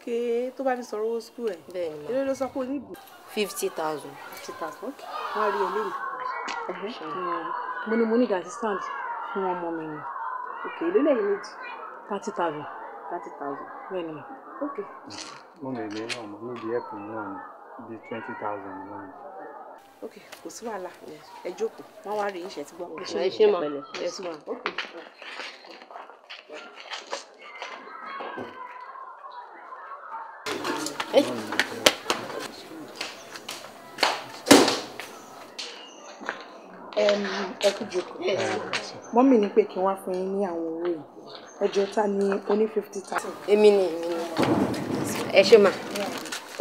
ké tó bá ní sọ̀rọ̀ owó skul ẹ̀ eré ló sọ pé o fifty thousand. fifty thousand ok wọ́n rí eléyìí. mo ní mo ní gàdí stand fún ọmọ mi ni. ok èlé méjì. thirty thousand. thirty thousand. bẹ́ẹ̀ ok. mo lè lé ọmọ níbi ẹ̀pù náà ni bíi twenty thousand náà ni ok kò sí wàhálà ẹ jókòó wọn wá rí iṣẹ́ tí gbọ́. ẹ ṣe mọ ẹ ṣe mọ ok. Hey. ẹ kú jòkó mọ́mì ní pé kí wọ́n fún yín ní àwọn owó yìí ẹjọ́ ta ni oní fifty thirty. èmi ni èmi ni ẹ ṣe mà.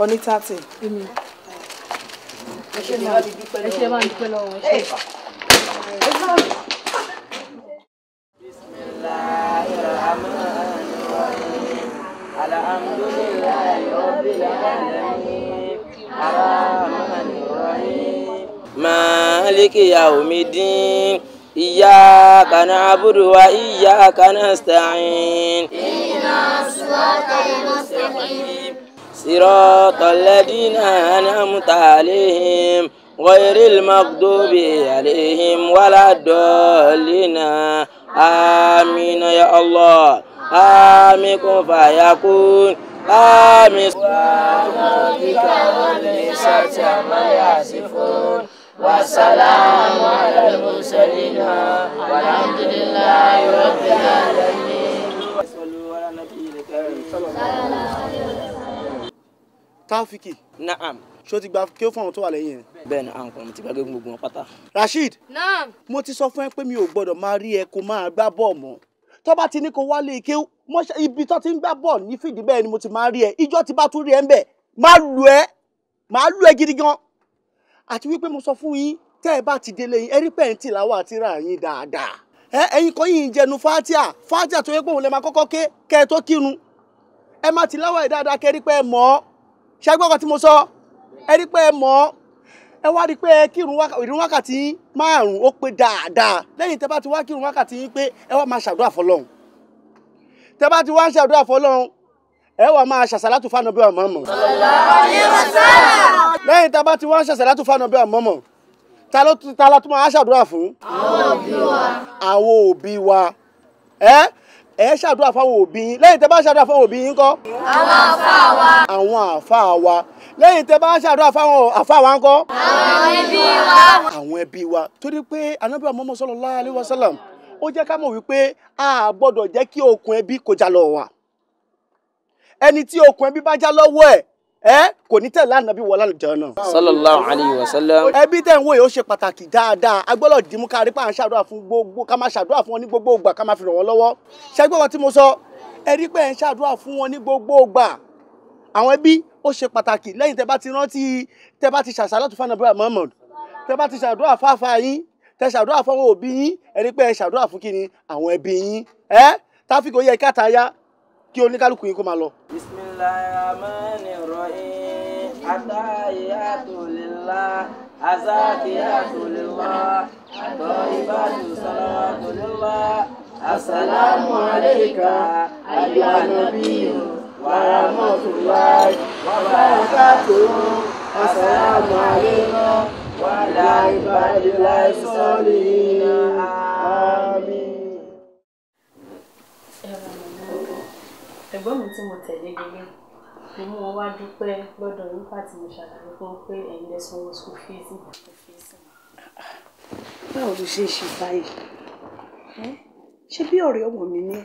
oní thirty. ẹ ṣe máa dúpẹ́ lọ́wọ́ ẹ ṣe. مالك يوم الدين إياك نعبد وإياك نستعين إنا صراط المستقيم صراط الذين أنعمت عليهم غير المغضوب عليهم ولا الضالين آمين يا الله آمين كن فيكون آمين سبحان ربك والعزة ما يصفون والسلام على المرسلين والحمد لله رب العالمين صلوا على النبي الكريم صلى الله عليه وسلم Taofiki. Naam. Ṣé o ti gba kí ó fún àwọn tó wà lẹ́yìn ẹ̀? Bẹ́ẹ̀ni, à ń pọ̀ mo ti gbàgbé gbogbo wọn pátá. Rasheed. Naam. Mo ti sọ fún ẹ pé mi ò gbọ́dọ̀ máa rí ẹ kó máa gbá bọ́ọ̀ mọ́. Tó bá ti ní kó wálé ike ibi tó ti ń gbá bọ́ọ̀ ní fìdí bẹ́ẹ̀ ni mo ti máa rí ẹ. Ìjọ́ ti bá tún rí ẹ ń bẹ̀. Máa lù ẹ́. Máa lù ẹ́ gidi gan àti wípé mo sọ fún yín tẹ́ ẹ bá ti délé yín ẹrí pẹ́ǹtì làwọn àti ra yín dáadáa ẹ ẹ̀yin kan yìí ń jẹnu fátíà fátíà tó yẹ pé òun lè máa kọ́kọ́ ké kẹ́ ẹ tó kírun ẹ má ti láwọ̀ ẹ̀ dáadáa kẹ́ ẹ rí pé ẹ mọ̀ ọ́ ṣàgbọ́n kan tí mo sọ ẹ rí pé ẹ mọ̀ ọ́ ẹ wá rí pé ẹ kírun ìrun wákàtí márùn ó pé dáadáa lẹ́yìn tẹ́ bá ti wá kírun wákàtí yín pé ẹ wá máa ṣàdúrà fọlọ́run tẹ́ bá ti wá ṣàdúrà fọlọ́run ẹ wà máa ṣàṣàlátù fáànà bí ọmọ mọ̀. lẹ́yìn tá a bá ti wá ṣàṣàlátù fáànà bí ọmọ mọ̀ ta ló ta la tún máa ṣàdúrà fún. àwọn òbí wa. àwọn òbí wa ẹ ẹ ṣàdúrà fáwọn òbí yín lẹ́yìn tẹ́ bá ṣàdúrà fáwọn òbí yín ńkọ́. àwọn àfáà wa. àwọn àfáà wa lẹ́yìn tẹ́ bá ṣàdúrà fáwọn àfáà wa ńkọ́. àwọn ẹbí wa. àwọn ẹbí wa torí pé anábì Muhammad sallallahu alaihi wasallam ó jẹ́ ká mọ̀ wípé a gbọ́dọ̀ jẹ́ kí okùn ẹbí kọjá lọ wa ẹni tí okùn ẹbí bá já lọ́wọ́ ẹ̀ ẹ kò ní tẹ̀lé ànábì wọlé àlùjànnà. sallallahu alayhi wa sallam. ẹbí tẹ̀ ń wò yìí ó ṣe pàtàkì dáadáa a gbọ́dọ̀ dìímú ká rí pa à ń ṣàdúrà fún gbogbo ká máa ṣàdúrà fún wọn ní gbogbo ògbà ká máa fi ràn wọ́n lọ́wọ́ ṣẹ́gbẹ́ wọn tí mo sọ ẹ rí pé ẹ̀ ń ṣàdúrà fún wọn ní gbogbo ògbà àwọn ẹbí ó ṣe pàtàkì lẹ́yìn tẹ bá ti rántí tẹ bá ti ṣàṣàlátù fanabu Muhammad tẹ bá ti ṣàdúrà fáfá yín tẹ ṣàdúrà fáwọn òbí yín ẹ rí pé ẹ ṣàdúrà fún kíni àwọn ẹbí yín ẹ táfíkì ó yẹ káàtà yá kí oníkálukú yín kó máa lọ. lillah azakiyatu lillah atọyibatu salawatu lillah asalaamu alayka ayyuha nabiyyu wa rahmatulahi wa barakatuhu asalaamu alayka wa ala ibadillahi salihin. ẹ̀gbọ́n mi tí mo tẹ̀lé délé mo mú wọn wá dúpẹ́ lọ́dọ̀ yín pàtí mo ṣàlàyé fún pé ẹ̀yin lẹ sanwó school fees báwo ló ṣe ṣe báyìí ṣé bí ọ̀rẹ́ ọmọ mi ni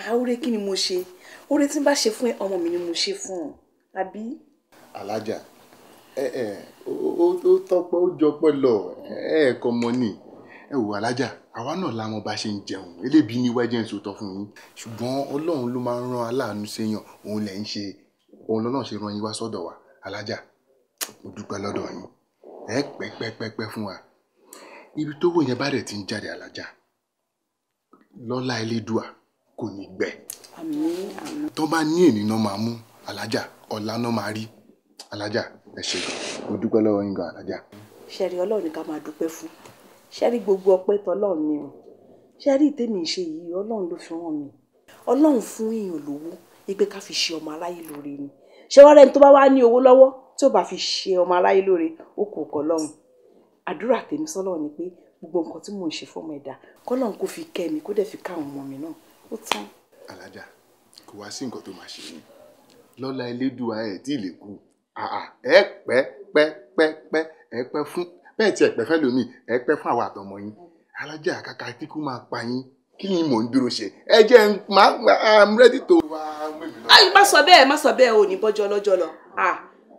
àáwúrẹ́ kí ni mo ṣe oore tí n bá ṣe fún ẹ ọmọ mi ni mo ṣe fún ọ àbí. alájà ẹ ẹ ó tọpẹ ó jọpẹ lọ ẹ ẹ kọ mọ nìyí ẹ wò alájà àwa náà la mọ̀ bá ṣe ń jẹun elébi ní wájú ẹ̀ ń sòtọ́ fún yín ṣùgbọ́n ọlọ́run ló máa ń ran aláàánú séèyàn òun lẹ̀ ń ṣe òun lọ́lọ́run ṣe ran yín wá sọ́dọ̀ wa alájà mo dúpẹ́ lọ́dọ̀ yín ẹ pẹ́ pẹ́ pẹ́ pẹ́ fún wa ibi tó wò yẹn bá rẹ̀ ti ń jáde alájà lọ́lá elédùà kò ní gbẹ. tó bá ní ènì náà máa mú alájà ọ̀la náà máa rí alájà ẹ ṣe mo dúpẹ́ lọ́wọ́ yín gan alájà. ṣẹ̀rí ṣe rí gbogbo ọpẹ́ tọlọ́run ni o ṣe rí tèmi ṣe yìí ọlọ́run ló fi ràn mí ọlọ́run fún èèyàn lówó ipe ká fi ṣe ọmọ aráyé lóore ni ṣé wàá rẹni tó bá wá ní owó lọ́wọ́ tí ò bá fi ṣe ọmọ aráyé lóore ó kò kọ lọ́run àdúrà tèmi sọ́lọ́run ni pé gbogbo nǹkan tí mò ń ṣe fọmọ ẹ̀dá kọ́lọ́run kò fi kẹ́ mi kó dẹ̀ fi ká àwọn ọmọ mi náà ó tán. alájà kò wá sí nǹkan tó máa ṣe yín lọ́la elédùà ẹ̀ tí ì lè kú ẹ pẹ́ pẹ́ pẹ́ pẹ́ ẹ pẹ́ fún bẹ́ẹ̀ tí ẹ̀pẹ́ fẹ́ lómi ẹ̀pẹ́ fún àwọn àtọmọ yín alájà kàkà tí kò máa pa yín kí ni mò ń dúró ṣe ẹ jẹ́ n máa i'm ready to. ayi má sọ bẹ́ẹ̀ má sọ bẹ́ẹ̀ ò ní bọ́jọ́ lọ́jọ́ lọ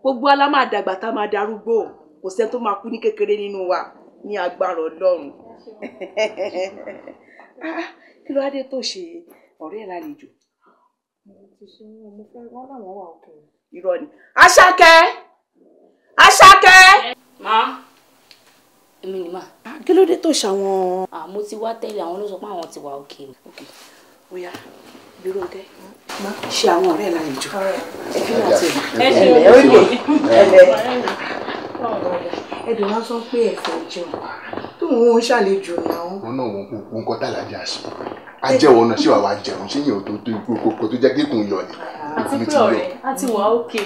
gbogbo alá máa dàgbà tá máa darúgbó kò sẹ́ni tó máa kú ní kékeré nínú wa ní agbára ọlọ́run ah, kí ló adé tó ṣe ọ̀rẹ́ ẹ̀ lálejò. irọ́ ni Àṣàkẹ́ Àṣàkẹ́. ma èmi ni mà. kí ló dé tó ṣàwọn. àmọ́ ti wá tẹ́lẹ̀ àwọn ló sọ pé àwọn ti wà òkè. bóyá bírò tẹ́ ṣe àwọn ọ̀rẹ́ lálejò ẹ fi náà tẹ̀lé. ẹ ṣe òye ẹ lẹ ẹdùn sọ pé ẹ̀fọ́ jẹun tóun ń ṣàlejò náà. wọn náà wọn kò kó ń kọ́ tàlàjà sí ajẹ́wọ̀n náà ṣé wàá wá jẹun ṣé yẹn ò tó tó ikú kókó tó jẹ́ kíkùn yọ ni. àti pé ọ̀rẹ́ àti wà ókè.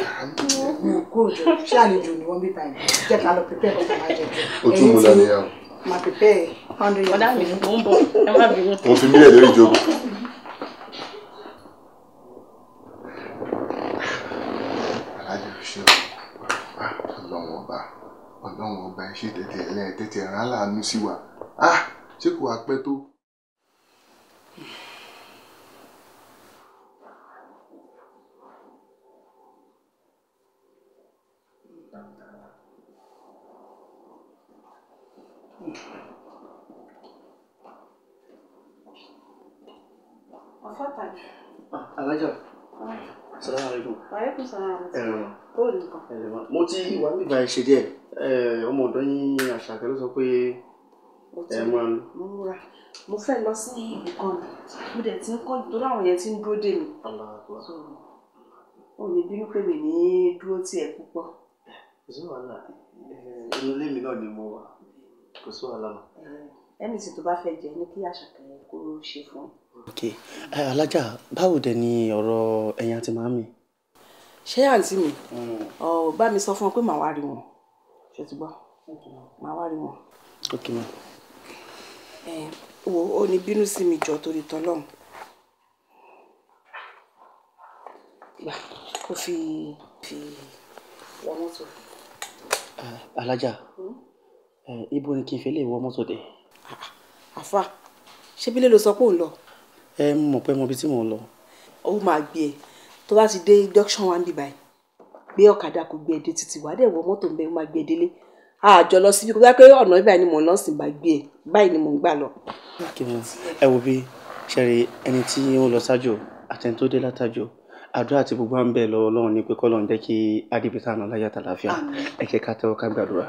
good ṣé àlejò ni wọ́n bí báyìí jẹ́ ká lọ pípẹ́ ọ̀gá máa jẹ. o tún mú lọ nìyà o. mà pípẹ́ hundred yẹn. ọ̀dà mi mò ń bọ̀ ẹ má bínú. mo fi mílẹ̀ lórí ìjókòó. alájọ ṣe ọlọ́wọ́n ọba ọlọ́wọ́n ọba ẹ ṣe tètè ẹ tètè rán láàánú sí wa ah, ṣé kò wá pẹ́ tó. fatai. alájà salaamaleykum. aleykum salaam. ẹ̀rọ bóòlù nǹkan. ẹ̀rọ mo ti wà nígbà ìṣe díẹ̀ ọmọ ọ̀dọ́ yín àṣàkẹ́ ló sọ pé ẹ máa ń. mo múra mo fẹ́ lọ sí ibì kan ni mo dẹ̀ ti ń kọ́ torí àwọn yẹn ti ń dúró dè mí. ó ní bínú pé mi ní dúró tiẹ̀ púpọ̀. kò sí wàhálà inú ilé mi náà ni mo wà kò sí wàhálà. ẹnì tí tó bá fẹ́ jẹ ní kí àṣàkẹ́ kó ṣe fún un ok eh, alájà báwo dẹ̀ ni ọ̀rọ̀ ẹ̀yin àti màámi. ṣé àǹtí mi hmm. ọ bá mi sọ fún wọn pé màá wá rí wọn ṣe ti gbọ́ màá wá rí wọn. ok ma. ẹ wo ó ní bínú sí mi jọ torí tọlọ́run gbà kó fi fi wọ mọ́tò. Eh, alájà hmm? eh, ibo ni kí n fi lè wọ mọ́tò dé. Ah, ah, àfa ṣé bílẹ̀ ló sọ pé òun lọ ẹ mọ̀ pé mo bí tí mò ń lọ. ó máa gbé e tó bá ti dé junction one bí báyìí gbé ọ̀kadà kò gbé ẹdẹ títì wá dẹ̀ wọ mọ́tò ń bẹ ó máa gbé délé àjọ lọ síbi kó bá pé ọ̀nà báyìí ni mò ń lọ sí gbàgbé ẹ̀ báyìí ni mò ń gbà lọ. ẹ wo bí ṣẹ̀rí ẹni tí ó lọ sájò àtẹni tó dé látàjò àdúrà tí gbogbo à ń bẹ̀ lọ ọlọ́run ni pé kọ́lọ́run jẹ́ kí adébítà náà láyà tàlàáfíà ẹ ká tẹ́wọ́ ká gbàdúrà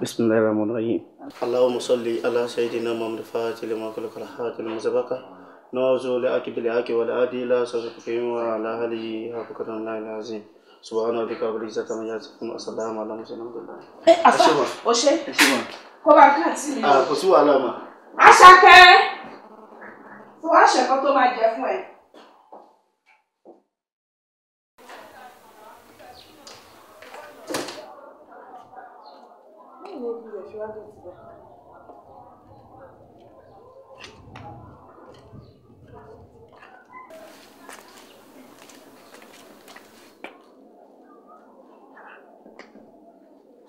bismillahir rahmanir rahim. allahumma salli ala sayyidina muhammad fatih lima kulli kalahati lima sabaka. نوزو لأك بالحق والعدي لا صدق وعلى أهله حق قدر الله العظيم سبحان ربك رب العزة عما يصفون والسلام على المرسلين الحمد لله. ẹ afa ọṣẹ kó bá káàtì mi. kò sí wàhálà mà. aṣáké fún aṣẹkọ tó máa Thank you.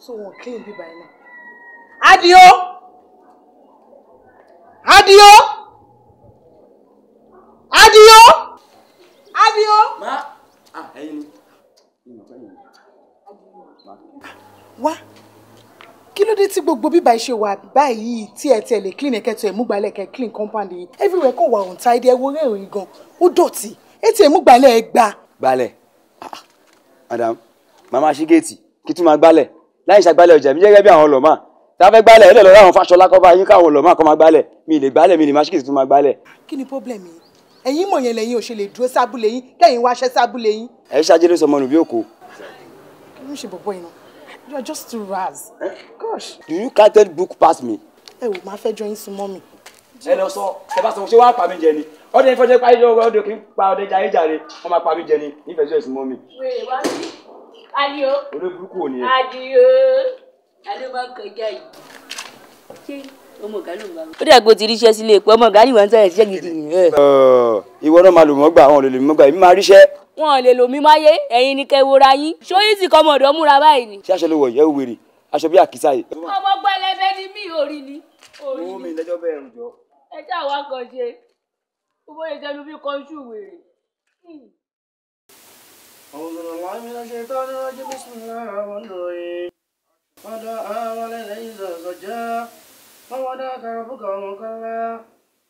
so wọn clean bíbá ẹ náà. adio adio adio adio. má a ah, ẹyin ni wá kí ló dé tí gbogbo bíbá ṣe wà báyìí tí ẹ tiẹ̀ lè clean ẹ̀kẹ́tù ẹ̀ múgbàlẹ̀ ẹ̀kẹ́ clean compound yìí everywhere kò wà òǹtá ẹ̀dẹ̀ ẹ̀wọ̀ rẹ̀ òyìn gan ó e ti e múgbàlẹ̀ ẹ̀ gbà. gbalẹ̀ ah, ah. madam màmá ṣí géètì kí tún máa gbálẹ̀ láì ṣàgbálẹ̀ ọjà mi gẹ́gẹ́ bí àwọn ọlọ́mà tá a fẹ́ gbálẹ̀ ẹ̀ lọ́ọ́ àwọn fáṣọlá kọ́ bá yín káwọn ọlọ́mà kọ́ máa gbálẹ̀ mi lè gbálẹ̀ mi lè má ṣíkìtì tún máa gbálẹ̀. kí ni problem yìí ẹ̀yin mọ̀ yẹn lẹ́yìn ò dúró sábúlé yín kẹ́yìn wáṣẹ́ sábúlé yín. ẹ ṣáájú ló sọ ọmọ nù òkú. kí ṣe bọ̀bọ̀ yìí you are just too ras. gosh. do you carted book pass me. ẹ wò máa fẹ́ jọ yín sun mọ́ mi. ẹ lọ sọ ẹ bá sọ ṣé wàá pa mi jẹ ni ọdún ìfọ̀jẹ̀ pa ìjọba ọdún kì í pa ọdẹ jayéjàre wọn máa pa mi jẹ ni ìfẹ̀jọ́ ìsúnmọ́ mi. wèrè wá sí adio. olóburúkú ò ní ẹ. adio adio máa ń kọjá yìí. ṣé ọmọ ọ̀gá ló ń bá mi. ó dàgbò ti ríṣẹ́ sílé epo ọmọ ọ̀gá nìwọ̀n ń sọ̀rọ̀ iṣẹ́ gidi yìí. ìwọ náà máa lò mọ́ gbà àwọn olè lò mọ́ gbà èmi máa ríṣẹ́. wọn ò lè lò mí máyé ẹ̀yin ni kẹ́ wora yín ṣóyún sì kọ́ ọmọdé múra báyìí ni. ṣé aṣọ ló wọ ìyá òwèrè aṣọ bí àkísà yìí. ọmọ pẹlẹbẹ ni mí orí ni. owó mi lẹjọ bẹ́ẹ̀ rùjọ. ẹ jẹ́ àwọn akànṣe owó ìjẹnu bí kan ṣùwèrè. Hmm. أعوذ بالله من الشيطان الرجيم بسم الله الرحمن الرحيم ودعا وللعز زجا ووداك ربك ومكلا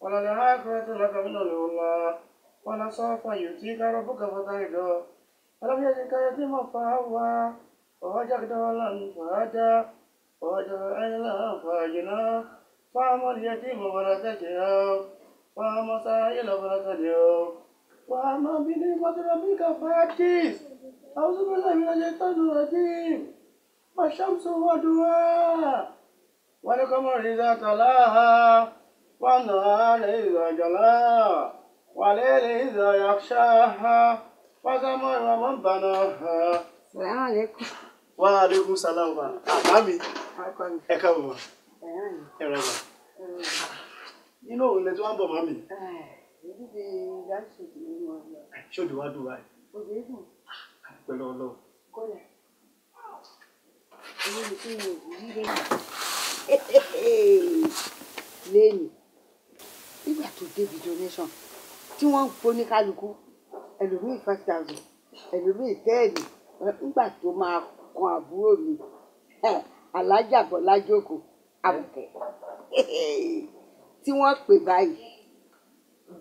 وللآخرة لك من الأولى ولسوف يؤتيك ربك فترضى ألم يجدك يتيما فأوى ووجدك ضالا فهدى ووجدك عيلا فأجنى فأما اليتيم فلا تجهر وأما السائل فلا تجهر وأما بنعمة ربك فحدث أعوذ بالله من الشيطان الرجيم والشمس وضحاها والقمر إذا تلاها والنهار إذا جلاها والليل إذا يغشاها والقمر ومن بناها السلام عليكم وعليكم السلام àbámi ẹ káàbọ̀ ma ẹ rẹ ma inú òun lẹ tí wọn bọ màmí èyí wá dùn báyìí. òdì dùn. pẹ̀lú Ọlọ́run. kọ́lẹ̀ èmi ni kí n ò rí lẹ́yìn lẹ́yìn nígbà tó débi donation tí wọ́n ń po ní kálukú ẹlòmíì five thousand ẹlòmíì tẹ́ẹ̀lì nígbà tó máa kan àbúrò mi alájàbọ̀ lájókòó àbùkẹ́ tí wọ́n pè báyìí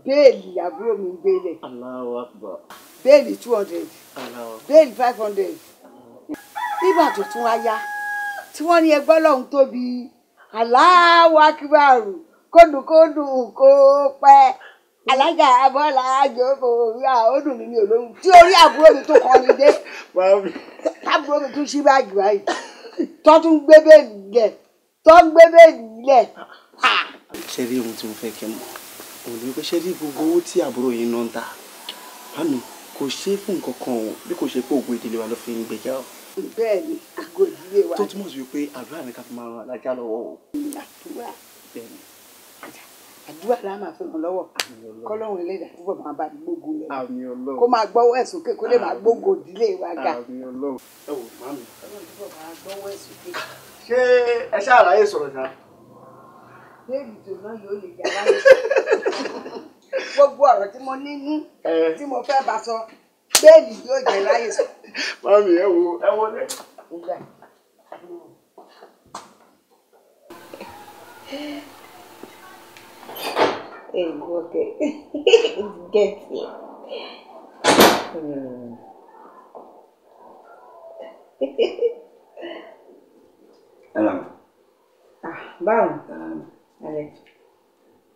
béèlì àbúrò mi ń gbélé béèlì two hundred béèlì five hundred nígbà tó tún wá yá tí wọ́n ní ẹgbẹ́ lọ́hún tóbi Allahu Akbar kódùkódù kó pẹ́ alájà abọ́lá àjòkò ìyá ọdún mi ní olóhùn tí orí àbúrò mi tó kọ́ ni dé àbúrò mi tún ṣí báàgì báyìí tó tún gbé béèlì lẹ̀ tó gbé béèlì lẹ̀. ṣé rí ohun tí mo fẹ́ kí n mọ̀ òun ni wípé ṣé rí gbogbo owó tí àbúrò yìí ná ń ta àánú kò ṣe fún nǹkan kan o bí kò ṣe pé òògùn ìdílé wa ló fi ń gbèjà o. bẹ́ẹ̀ ni àgọ́ ìdílé wa. tó túmọ̀ sí wípé àdúrà ni ká fi máa ran alájà lọ́wọ́ o. àdúrà bẹ́ẹ̀ ni àdúrà la máa fi ràn lọ́wọ́ kọ́lọ́run ilé ìdá púpọ̀ máa bá gbógun lẹ̀ kó máa gbọ́wọ́ ẹ̀sùn kékeré kó lè máa gbógun ìdílé wa ga. ẹ wò máa mi. ṣé ẹ ṣáà ráyè sọ̀rọ̀ béèlì dùnà yóò lè jà wáyé gbogbo ọ̀rọ̀ tí mo ní ní tí mo fẹ́ bá sọ béèlì yóò jẹ láyè sọ. mami ẹ wo ẹ wọlé. Hey, okay. Get it. Hmm. Ah, báwo. Um,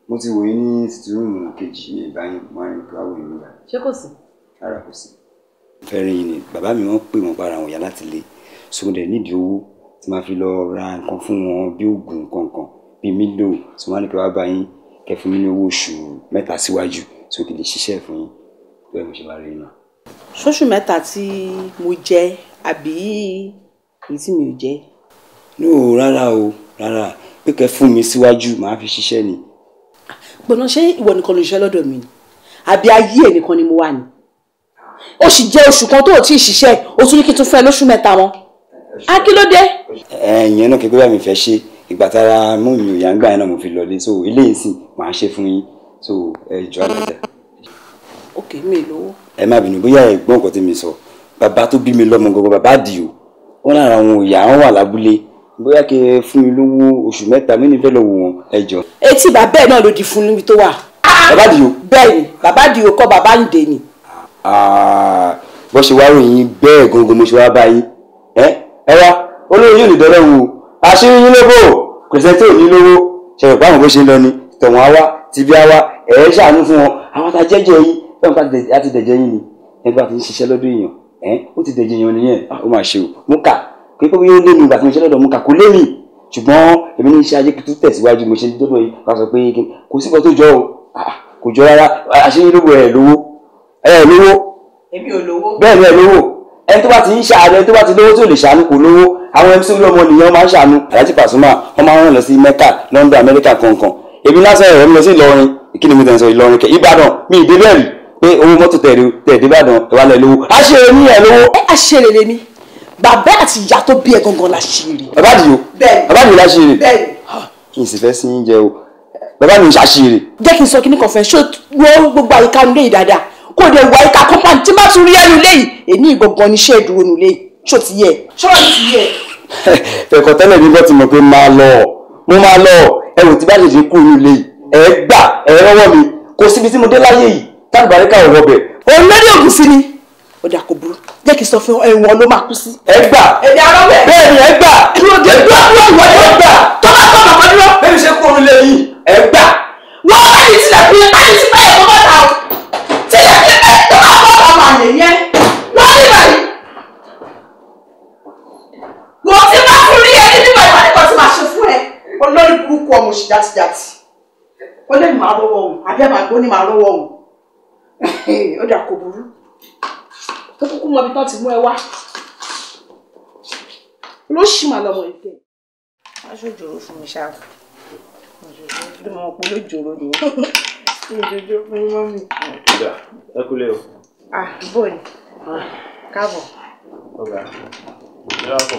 mo ti wòye ní sitiruumu kejì ní ìbáyìí wọn ní ká wòye nígbà. ṣé kò sí. rárá kò sí. fẹ́rin yìí ni bàbá mi wọ́n pè wọ́n para àwọn ìyá láti lé so dẹ̀ nídìí owó tí máa fi lọ ra nǹkan fún wọn bí oògùn nǹkan kan bíi mílò tí wọ́n á ní kí wọ́n bá yín kẹfún mi ní owó oṣù mẹ́ta síwájú so kì í lè ṣiṣẹ́ fún yín bẹ́ẹ̀ mo ṣe máa rí iná. ṣóṣù mẹ́ta tí mo jẹ àbí èyí tí mi ò jẹ rárá pé kẹ́ fún mi síwájú màá fi ṣiṣẹ́ ni. gbọ̀nà ṣé ìwọ nìkan ló ṣiṣẹ́ lọ́dọ̀ mi ni àbí ayé ẹ̀ nìkan ni mo wà ní. ó sì jẹ́ oṣù kan tó ò tí ì ṣiṣẹ́ o tún ní kí n tún fún lóṣù mẹ́ta mọ́. a kí ló dé. ẹ̀yin náà kékeré mi fẹ́ ṣe ìgbà tára mú mi ò yá ń gbà yẹn náà mo fi lọlé so eléyìí sì màá ṣe fún yín so ẹ jọ àgbàdà. ok mi lówó. ẹ má bínú bóyá ẹ gbọ́ nǹkan tí mi sọ bàbá tó bí mi lọ́mọ gbogbo bàbá àdìo wọn lára àwọn òyà wọn wà lábúlé bóyá kí ẹ fún mi lówó oṣù mẹ́ta mi nífẹ̀ẹ́ lọ wò wọ́n ẹ jọ. etí bàbá ẹ náà ló di fún níbi tó wà. bàbá di o. bẹ́ẹ̀ ni bàbá di o kọ́ bàbá ń dè ni. bó ṣe wá ròyìn bẹ́ẹ̀ gangan mo ṣe wá bá yín ẹ ẹ wá olóyún yóò lè dọ́rẹ́ wò àṣírí yín lóbò kòsẹ́ntì ò ní lówó ṣẹlẹ̀ báwọn bó ṣe ń lọ ni tọ̀wọ́n á wá tìbí á wá ẹ̀ ẹ́ ṣàánú fún wọn àwọn tá jẹ́jẹ́ yín bẹ́ẹ̀ ni a ti dẹ̀jẹ́ yín ni ẹgbẹ́ àti ń ṣiṣẹ́ lọ́dún èèyàn ẹ̀ ó ti dẹ̀jẹ́ yín nìyẹn ó máa ṣe o mú kà pé pé ó lé mi ìgbà tí mo ṣe lọ́dọ̀ mú kà kó lé mi ṣùgbọ́n èmi ní iṣẹ́ ajé tó tẹ̀síwájú mo ṣe dọ́dọ̀ yìí wọ́n sọ pé kò sí kan tó jọ o ah, ah, kò jọ rárá àṣeyínlógo ẹ̀ lówó ẹ̀ lówó bẹ́ẹ̀ ni ẹ̀ lówó ẹni tó bá ti ń ṣàánú ẹni tó bá ti lówó tí ò lè ṣàánú kò lówó àwọn MC olómọ nìyẹn máa ń ṣàánú Aláàjì Pasuma wọ́n máa ń ràn lọ sí Mẹ́kà London Amẹ́ríkà kankan èmi lásán ẹ̀rọ mi lọ sí Ìlọrin kí ni mo tẹ̀ ń sọ Ìlọrin kẹ Ìbàdàn mi ìdí bẹ́ẹ̀ rí pé owó mọ́tò tẹ̀ dé Ìbàdàn ìwálẹ̀ lówó àṣẹ ni ẹ̀ lówó. ẹ àṣẹ rere ni bàbá àti ìyá tó bí ẹ gangan la ṣeré. bàbá mi o bàbá mi la ṣeré ah, kí n sì fẹ́ sí oúnjẹ o bàbá mi ṣàṣeré. jẹ́ kí n sọ kí ní kan fẹ́ ṣó wo gbogbo àyíká nílé yìí dáadáa kó dé wọ àyíká compound tí bá tún rí ẹnu léyìí èmi ìgbọ̀ngàn ni iṣẹ́ ìdúró nílé yìí ṣó ti yẹ. ṣọ́ọ̀ ti tẹ́lẹ̀ mi gbọ́ ti mọ̀ pé máa lọ mo máa lọ ẹ̀wọ̀n tí bá ṣe ṣe kú nílé yìí ẹ̀ gbà ẹ̀ rọ́wọ́ mi kò síbi tí mo dé láyé yìí tábìbáríkà ò wọ bẹ̀. òun ògùn sí ni ọ̀dà kò burú jẹ́ kí n sọ fún ẹ̀wọ̀n ló máa kú sí. ẹ gbà èmi arọ́bẹ̀ bẹ́ẹ̀ ni ẹ gbà dúró dé dúró dúró ìwọ ni ẹ gbà tó bá tọ́ bàbá dúró bẹ́ẹ̀ ṣe kó orin lẹ́yìn ẹ gbà. wọ́n wá ní tilẹ̀ fún yẹn láti ti bẹ́ẹ̀ tó bá ta o tilẹ̀ ti bẹ́ẹ̀ tó bá bọ́ ọmọ àlè yẹn wọ́n ní báyìí. mo ti bá fún rí ẹni nígbà ìwà nípa tí màá ṣe fún ẹ olórí burúkú ọmọ òṣì jàtìjàtì ó lè máa lọ́wọ́ ó kúkú mọ ibi tán ti mú ẹ wá ló ṣì mà lọmọ ìtẹ. aṣojòrò fún mi ṣáà ló mọ pé olójòrò ni ìjòjò fún mi mọ́mì. ọ̀gá ẹ kúlẹ̀ o. ah bó ni káàbọ̀. ọ̀gá ìjọba kọ.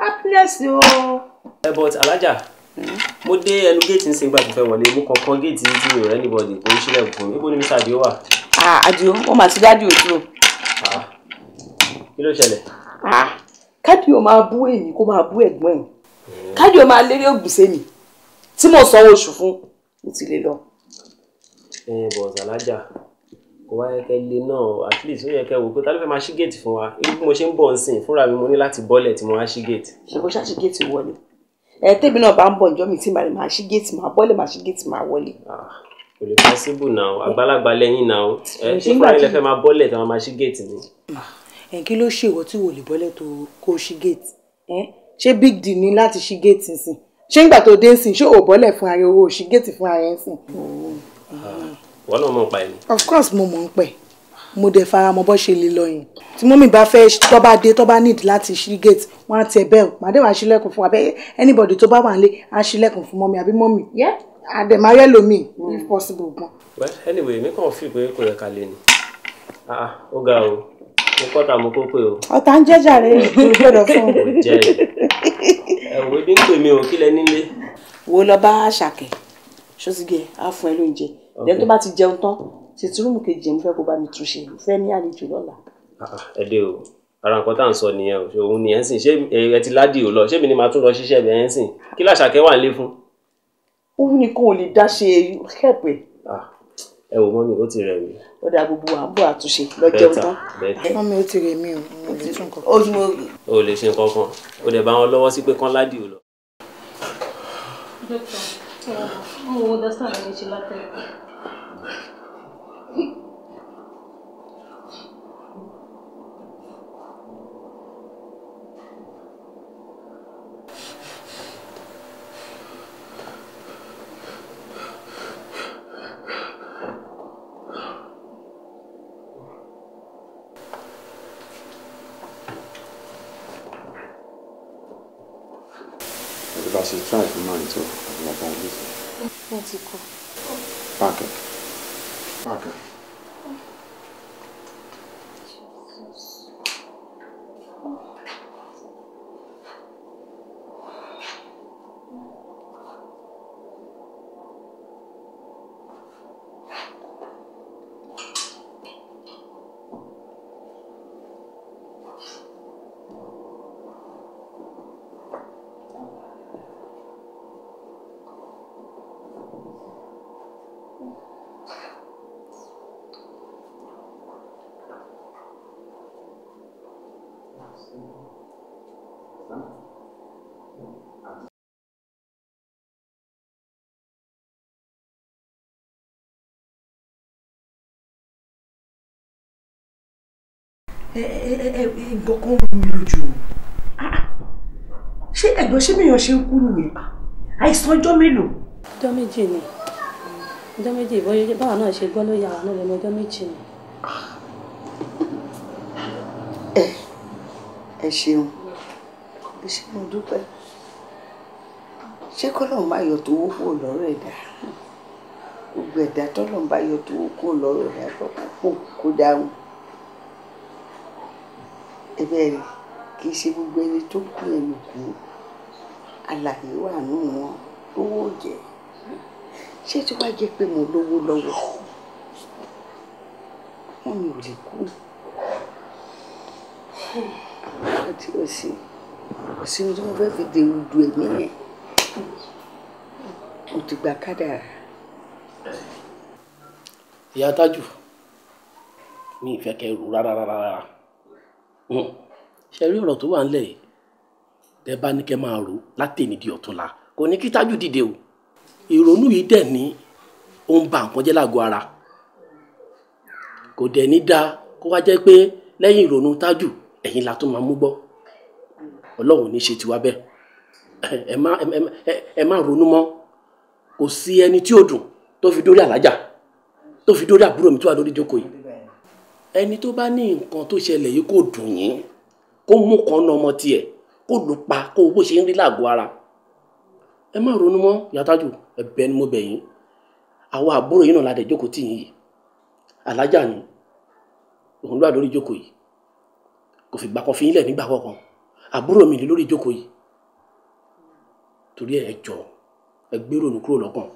happiness o. ẹ eh, but alájà mo dé ẹnu géètì nísìnyí gbà tó fẹ́ wọlé mo kàn kọ́ géètì tí mi ò rẹ́ anybody kò ń ṣílẹ̀ fún mi ibo ni mr adio wà. àdìo wọn máa ti dá àdìo kí ló ṣẹlẹ̀. Ah. káàdì ò máa bú èmi kó máa bú ẹ̀gbọ́n ẹ̀ hmm. káàdì ò máa lérí ògùnṣe mi tí mo sanwó oṣù fún mo ti lè lọ. ẹ bọ̀ ṣàlájà kò wá yẹ kẹ lé náà at least ó yẹ kẹ wò pé ta ló fẹ́ máa ṣí géètì fún wa irú bí mo ṣe ń bọ̀ nsìn fúnra mi mo ní láti bọ́lẹ̀ tí mo wá ṣí géètì. ṣe bó ṣáà ṣí géètì wọlé ẹ tẹ́bi náà bá ń bọ̀ ǹjọ́ mi tí màá ṣí géètì máa bọ́lẹ̀ máa ṣí géètì máa wọlé. Ah kò lè possible now àgbàlagbà lẹ́yìn now ẹ ṣé fúnra ilẹ̀ fẹ́ máa bọ́lẹ̀ tí wọ́n máa ṣí géètì ni. Ah, ẹ kí ló ṣe ìwọ tí wò lè bọ́lẹ̀ tó kó ṣí géètì ṣé big deal ni láti ṣí géètì sìn ṣé nígbà tó dé sìn ṣé ò bọ́lẹ̀ fún ara owó ṣí géètì fún ara ẹ̀ sìn. náà mọ̀ ń pa ẹ̀mí. of course mo mọ̀ ń pẹ̀ mo dẹ̀ fara mọ́ bọ́ ṣe lè lọ yẹn tí mọ́mì bá fẹ́ tó dé tó bá láti ṣí gate wọ́n á tẹ bẹ́ẹ̀ màdé wàá ṣílẹ̀kùn fún wa bẹ́ẹ̀ anybody tó bá wà nílé á ṣílẹ̀kùn fún mọ́mì àbí mọ́mì yẹ́ àdèmáyé lomi if possible gan. well anyway mi kàn fi pé kò yẹ ká lè ní ah, ah, ó ga o mo kọ́ ta mo kó pé o. ọ̀tá ń jẹ́jà rẹ̀ ló gbọ́dọ̀ fún un. kò jẹ́ ẹ̀wọ̀ ebi ń pè mí o kí lẹ nílé. wo lọ bá ṣàkẹ́ ṣọ́sígẹ́ á fún ẹ lóúnjẹ lẹ́yìn tó bá ti jẹun tán ṣètì rúùmù kejì mo fẹ́ kó bá mi tún ṣe mo fẹ́ ní àlejò lọ́la. Ah, ẹ dé o ara nǹkan tá à ń sọ nìyẹn o òun nìyẹn sìn ṣé ẹ ti ládìí o lọ ṣé mi ni màá tún lọ ṣiṣẹ́ bẹ́ẹ̀ ń sìn kí làṣàkẹ́ wà ń lé fún ó ní kó o lè dá ṣe help ẹ. Ah, ẹ wò mọ́mí ó ti rẹ̀ mí. ó dà gbogbo à ń bọ̀ àtúnṣe lọ́jọ́ tán. mọ́mí ó ti rẹ̀ mí o mo lè tún nǹkan kan. o lè ṣe nǹkan kan o dẹ̀ bá wọn lọ́wọ́ sí pé kán ládìí o lọ. dókítà mo understand ẹni ṣe látẹ̀kọ̀ọ́. Besides, the man is off. I'm like, I'm busy. Parker. Parker. nǹkan kan rú mi lójú o ah, ah. ṣé ẹ̀gbọ́n ṣé bíyàn ṣe ń kú nìyẹn ah, àìsàn ọjọ́ mélòó. ọjọ́ méjì ni ọjọ́ méjì ìbọn báwa náà ṣe gbọ́ lóye àwọn náà lẹ́nu ọjọ́ méjì ni. ẹ eh, ẹ ṣeun ẹ ṣeun dúpẹ́ ṣé kọ́lọ́n máa yọ tó wó kúrò lọ́rọ̀ ẹ̀dá gbogbo ẹ̀dá tọ́lọ́n bá yọ tó wó kúrò lọ́rọ̀ ẹ̀dá kó kó dáhùn bẹ́ẹ̀ rí kì í ṣe gbogbo ẹni tó kú ẹnu kú àlàyé wà nù wọn lówó jẹ ṣé tí wàá jẹ pé mo lówó lọ́wọ́ wọn mi ò lè kú àti òsì òsì tí mo fẹ́ fi de udu ẹ̀mí yẹn mo ti ìyá tájù mi ìfẹ́ kẹ́ rú rárá rárá ṣe rí ọ̀rọ̀ tó wà ńlẹ̀ yìí tẹ bá ní kẹ́ máa rò látẹ̀ni di ọ̀túnla kò ní kí tájù dìde o ìrònú yìí dẹ̀ ní ó ń ba nǹkan jẹ́ lágọ̀ọ́ ara kò dẹ̀ ní dáa kó wá jẹ́ pé lẹ́yìn ìrònú tájù ẹ̀yin la tún máa mú gbọ́ ọlọ́run ní ṣe tiwa bẹ́ẹ̀ ẹ má ẹ má ronú mọ́ kò sí ẹni tí ó dùn tó fi dórí àlájà tó fi dórí àbúrò mi tó wà lórí ìjókòó yìí ẹni tó bá ní nǹkan tó ṣẹlẹ̀ yìí kò dùn yín kó mú kan na ọmọ tiẹ̀ kó lù pa kó bó ṣe ń rí làgọ́ ara ẹ má ronú mọ́ yàtájù ẹ̀bẹ̀ ni mo bẹ̀ yín àwọn àbúrò yìí náà la dẹ̀ jókòó tì yín yìí alájà ni òun ló wà lórí ìjókòó yìí kò fìgbà kan fi yín lẹ̀ nígbà kọ̀ọ̀kan àbúrò mi lè lórí ìjókòó yìí torí ẹ jọ ẹ gbérò ní kúrò lọ́kàn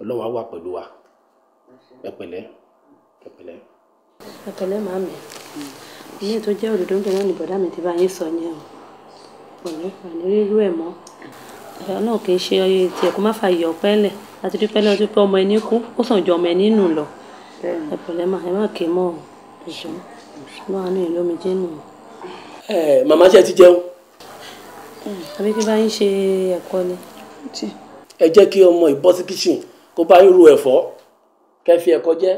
ọlọ́run á wà pẹ̀lú wa ẹ pẹ̀lẹ́ ẹ pẹ̀lẹ́ ẹ̀pẹ̀lẹ́ màá mi ilé tó jẹ́ òdòdó ń bẹ náà ni bọ̀dá mi ti bá yín sọ yẹn o pẹ̀lẹ́ àní rírú ẹ̀ e mọ́ ẹ̀yà náà kì í ṣe ọyẹ tí ẹ̀kú e má fààyè ọ̀pẹ́ lẹ̀ àti dúpẹ́ lọ́wọ́ dúpẹ́ ọmọ ẹni kú ó sàn ju ọmọ ẹni nù lọ ẹ̀pẹ̀lẹ́ e màá ẹ má ké mọ́ o ẹ̀jọ́ máa ní ìlú mi jẹ́ nù. ẹ màmá ṣe ti jẹun. àbí kí bá yín ṣe ẹ̀kọ́ ni. ẹ jẹ́ kí ọmọ ìbọ́sí kíṣìn kó bá yín ru ẹ̀fọ́ kẹ́ fi ẹ̀kọ́ jẹ́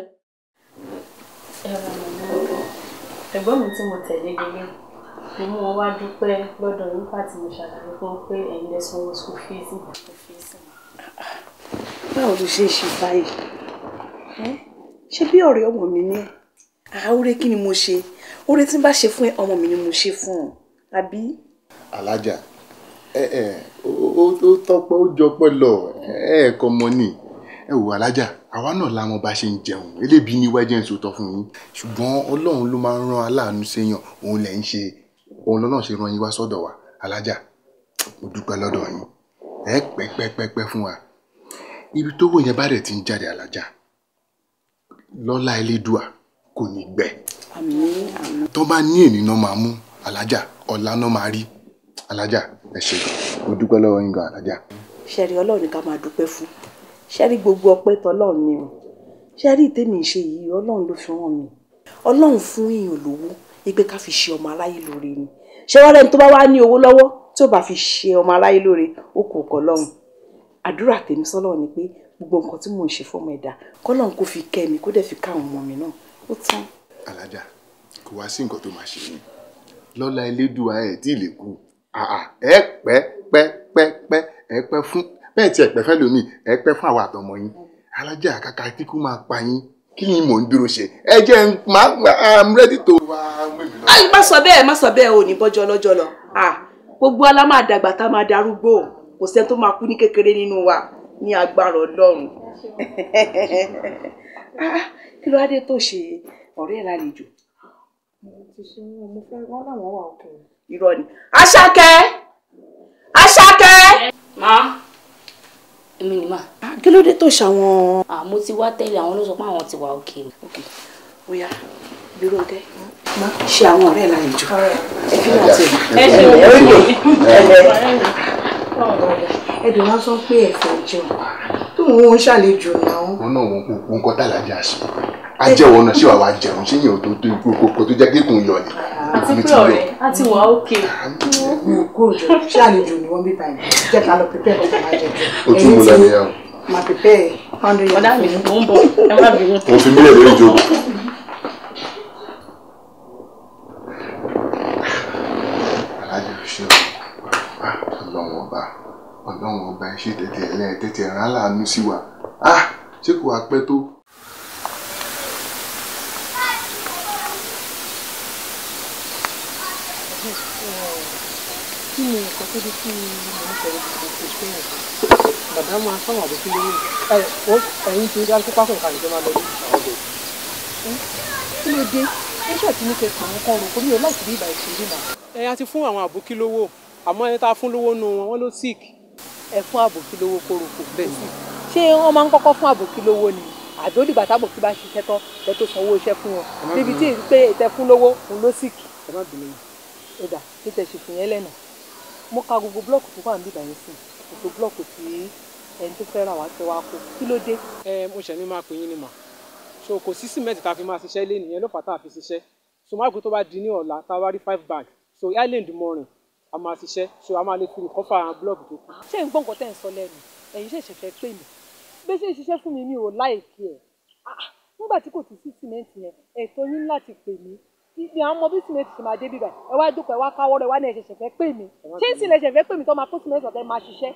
ẹ̀gbọ́n mi tí mo tẹ̀lé délé mo mú wọn wá dúpẹ́ lọ́dọ̀ nípa tí mo ṣàlàyé fún pé ẹ̀yin lè sanwó school fees ìgbà tó fi sí. báwo ló ṣe é ṣe báyìí ṣé bí ọ̀rẹ́ ọmọ mi ní àáwúrẹ́ kí ni mo ṣe oore tí n bá ṣe fún ẹ ọmọ mi ni mo ṣe fún ọ àbí. alájà ẹ ẹ ó tọpẹ ó jọpẹ lọ ẹ ẹ kọ mọ nìyí ẹ wò alájà àwa náà la mọ bá ṣe ń jẹun elébi ní wájú ẹ̀ ń sòtọ́ fún yín ṣùgbọ́n ọlọ́run ló máa ń ran aláàánú séèyàn òun lẹ̀ ń ṣe òun lọ́nà ṣe ran yín wá sọ́dọ̀ wa alájà mo dúpẹ́ lọ́dọ̀ yín ẹ pẹ́ pẹ́ pẹ́ pẹ́ fún wa ibi tó wò yẹn bá dẹ̀ ti ń jáde alájà lọ́lá elédùà kò ní gbẹ. àmín àmín. tó bá ní ènìyàn náà máa mú alájà ọ̀la náà máa rí alájà ẹ ṣe gan mo dúpẹ́ lọ́wọ́ yín gan alájà. ṣẹ̀rí ṣe rí gbogbo ọpẹ́ tọlọ́run ni o ṣe rí tèmi ṣe yìí ọlọ́run ló fi hàn mí ọlọ́run fún èèyàn lówó ipe ká fi ṣe ọmọ aráyé lóore ni ṣé wàá rẹni tó bá wá ní owó lọ́wọ́ tí ò bá fi ṣe ọmọ aráyé lóore ó kò kọ lọ́run àdúrà tèmi sọ́lọ́run ni pé gbogbo nǹkan tí mò ń ṣe fọmọ ẹ̀dá kọ́lọ́run kò fi kẹ́ mi kó dẹ̀ fi ká àwọn ọmọ mi náà ó tán. alájà kò wá sí nǹkan tó máa ṣe yín lọ́la elédùn ẹ̀ tí ì lè kú ẹ pẹ́ pẹ́ pẹ́ pẹ́ ẹ pẹ́ fún bẹ́ẹ̀ tí ẹ̀pẹ́ fẹ́ lómi ẹ̀pẹ́ fún àwọn àtọmọ yín alájà kàkà tí kú máa pa yín kí ni mò ń dúró ṣe ẹ jẹ́ n máa am ready to. ayi má sọ bẹ́ẹ̀ má sọ bẹ́ẹ̀ ò ní bọ́jọ́ lọ́jọ́ lọ gbogbo ala máa dàgbà tá a máa darúgbó kò sẹ́ni tó máa kú ní kékeré nínú wa ní agbára ọlọ́run ah, kí ló wá dé tó ṣe ọ̀rẹ́ ẹ̀ lálejò. wọ́n láwọn ni Àṣàkẹ́ Àṣàkẹ́. máa èmi ni mà. kí ló dé tó ṣàwọn. àmọ́ ti wá tẹ́lẹ̀ àwọn ló sọ pé àwọn ti wà òkè. ok oya bírò dé má ṣe àwọn ọ̀rẹ́ lálejò ẹ fi láti ẹ ṣe òye ẹ dùn wá sọ pé ẹ̀fọ́ jẹun tó ń wọn ṣàlejò náà. wọn náà wọn kò kó ń kọ́ tàlàjà sí a jẹ́wọ́ náà ṣé wàá wá jẹun ṣé yẹn ò tó tó ikú kókó tó jẹ́ kékun yọ ni. àti pé ọ̀rẹ́ àti wà ókè mi ò kúrò jọ ṣé àlejò ni wọ́n bí báyìí jẹ́ o tún mú lẹ́nu yà. màá pípẹ́ pàǹdù yẹn. ọ̀dà mi ò ń bọ̀ ẹ má bínú. mo fi mílẹ̀ lórí ìjókòó. alájọ ṣe ọlọ́run ọba ọlọ́run ọba ẹ ṣe tètè ẹ lẹ́ẹ̀ tètè rán láàánú sí wa ah, ṣé kò wá pẹ́ tó. kí ni nǹkan tó dé tí mo ń sọ̀rọ̀ kò tó yẹn bàbá máa fáwọn àbí kí lóyún ẹ ó ẹyin ti rí alùpùpù àkọ́kọ́ àlejò máa lọ rí. kí ló dé nígbà tí mo fẹ́ pọ̀ wọn kọ́ ọ̀rọ̀ kò ní o láti bí ìbà ìṣèlú mà. ẹ a ti fún àwọn àbókí lówó àmọ́ ẹni tá a fún lówó nu wọn wọn ló sick. ẹ fún àbòkí lówó korokò bẹ́ẹ̀ sì ṣé wọn máa ń kọ́kọ́ fún àbòkí lówó ni àbí ó dìgbà tábòkí bá ṣiṣẹ́ tán ẹ tó sanwó iṣẹ́ fún wọn débi tí èyí pé ìtẹ lówó òun ló sick. ẹ má bìnrin. ó dà kí tẹ ṣe fìyẹn lẹ́nu mo ka gbogbo blọọkù tó wà níbí ìbàyẹn sìn gbogbo blọọkù tí ẹni tó fẹ́ ra wá tẹ wá kó kí ló dé. ẹ mo ṣẹ̀ ní máa pè yín ni mà so kò sí sìmẹ́ǹtì tá a fi máa ṣiṣẹ́ lé nìyẹn ló fà tá a fi ṣiṣẹ́ so máa kó tó bá di ní ọ̀la tá a wá rí five bag so island mọ́rin a máa ṣiṣẹ́ so a máa lè fi kọ́fà blọọkù tó kù. ṣé n gbọ́ nǹkan tẹ́ ń sọ lẹ́nu ẹ̀yin ṣẹ̀ṣẹ̀ fẹ́ pè mí bẹ́ẹ̀ ṣe ṣiṣẹ́ fún mi mi ibi àwọn ọmọ bí sìmẹ́ntì sì máa dé bíbẹ̀ ẹ wá dúpọ̀ ẹ wá káwọ́rọ̀ ẹ wá ní ẹ fẹ́ pè mí ṣé ń sì lè fẹ́ pè mí tó máa kó sìmẹ́ntì ọ̀tẹ́ máa ṣiṣẹ́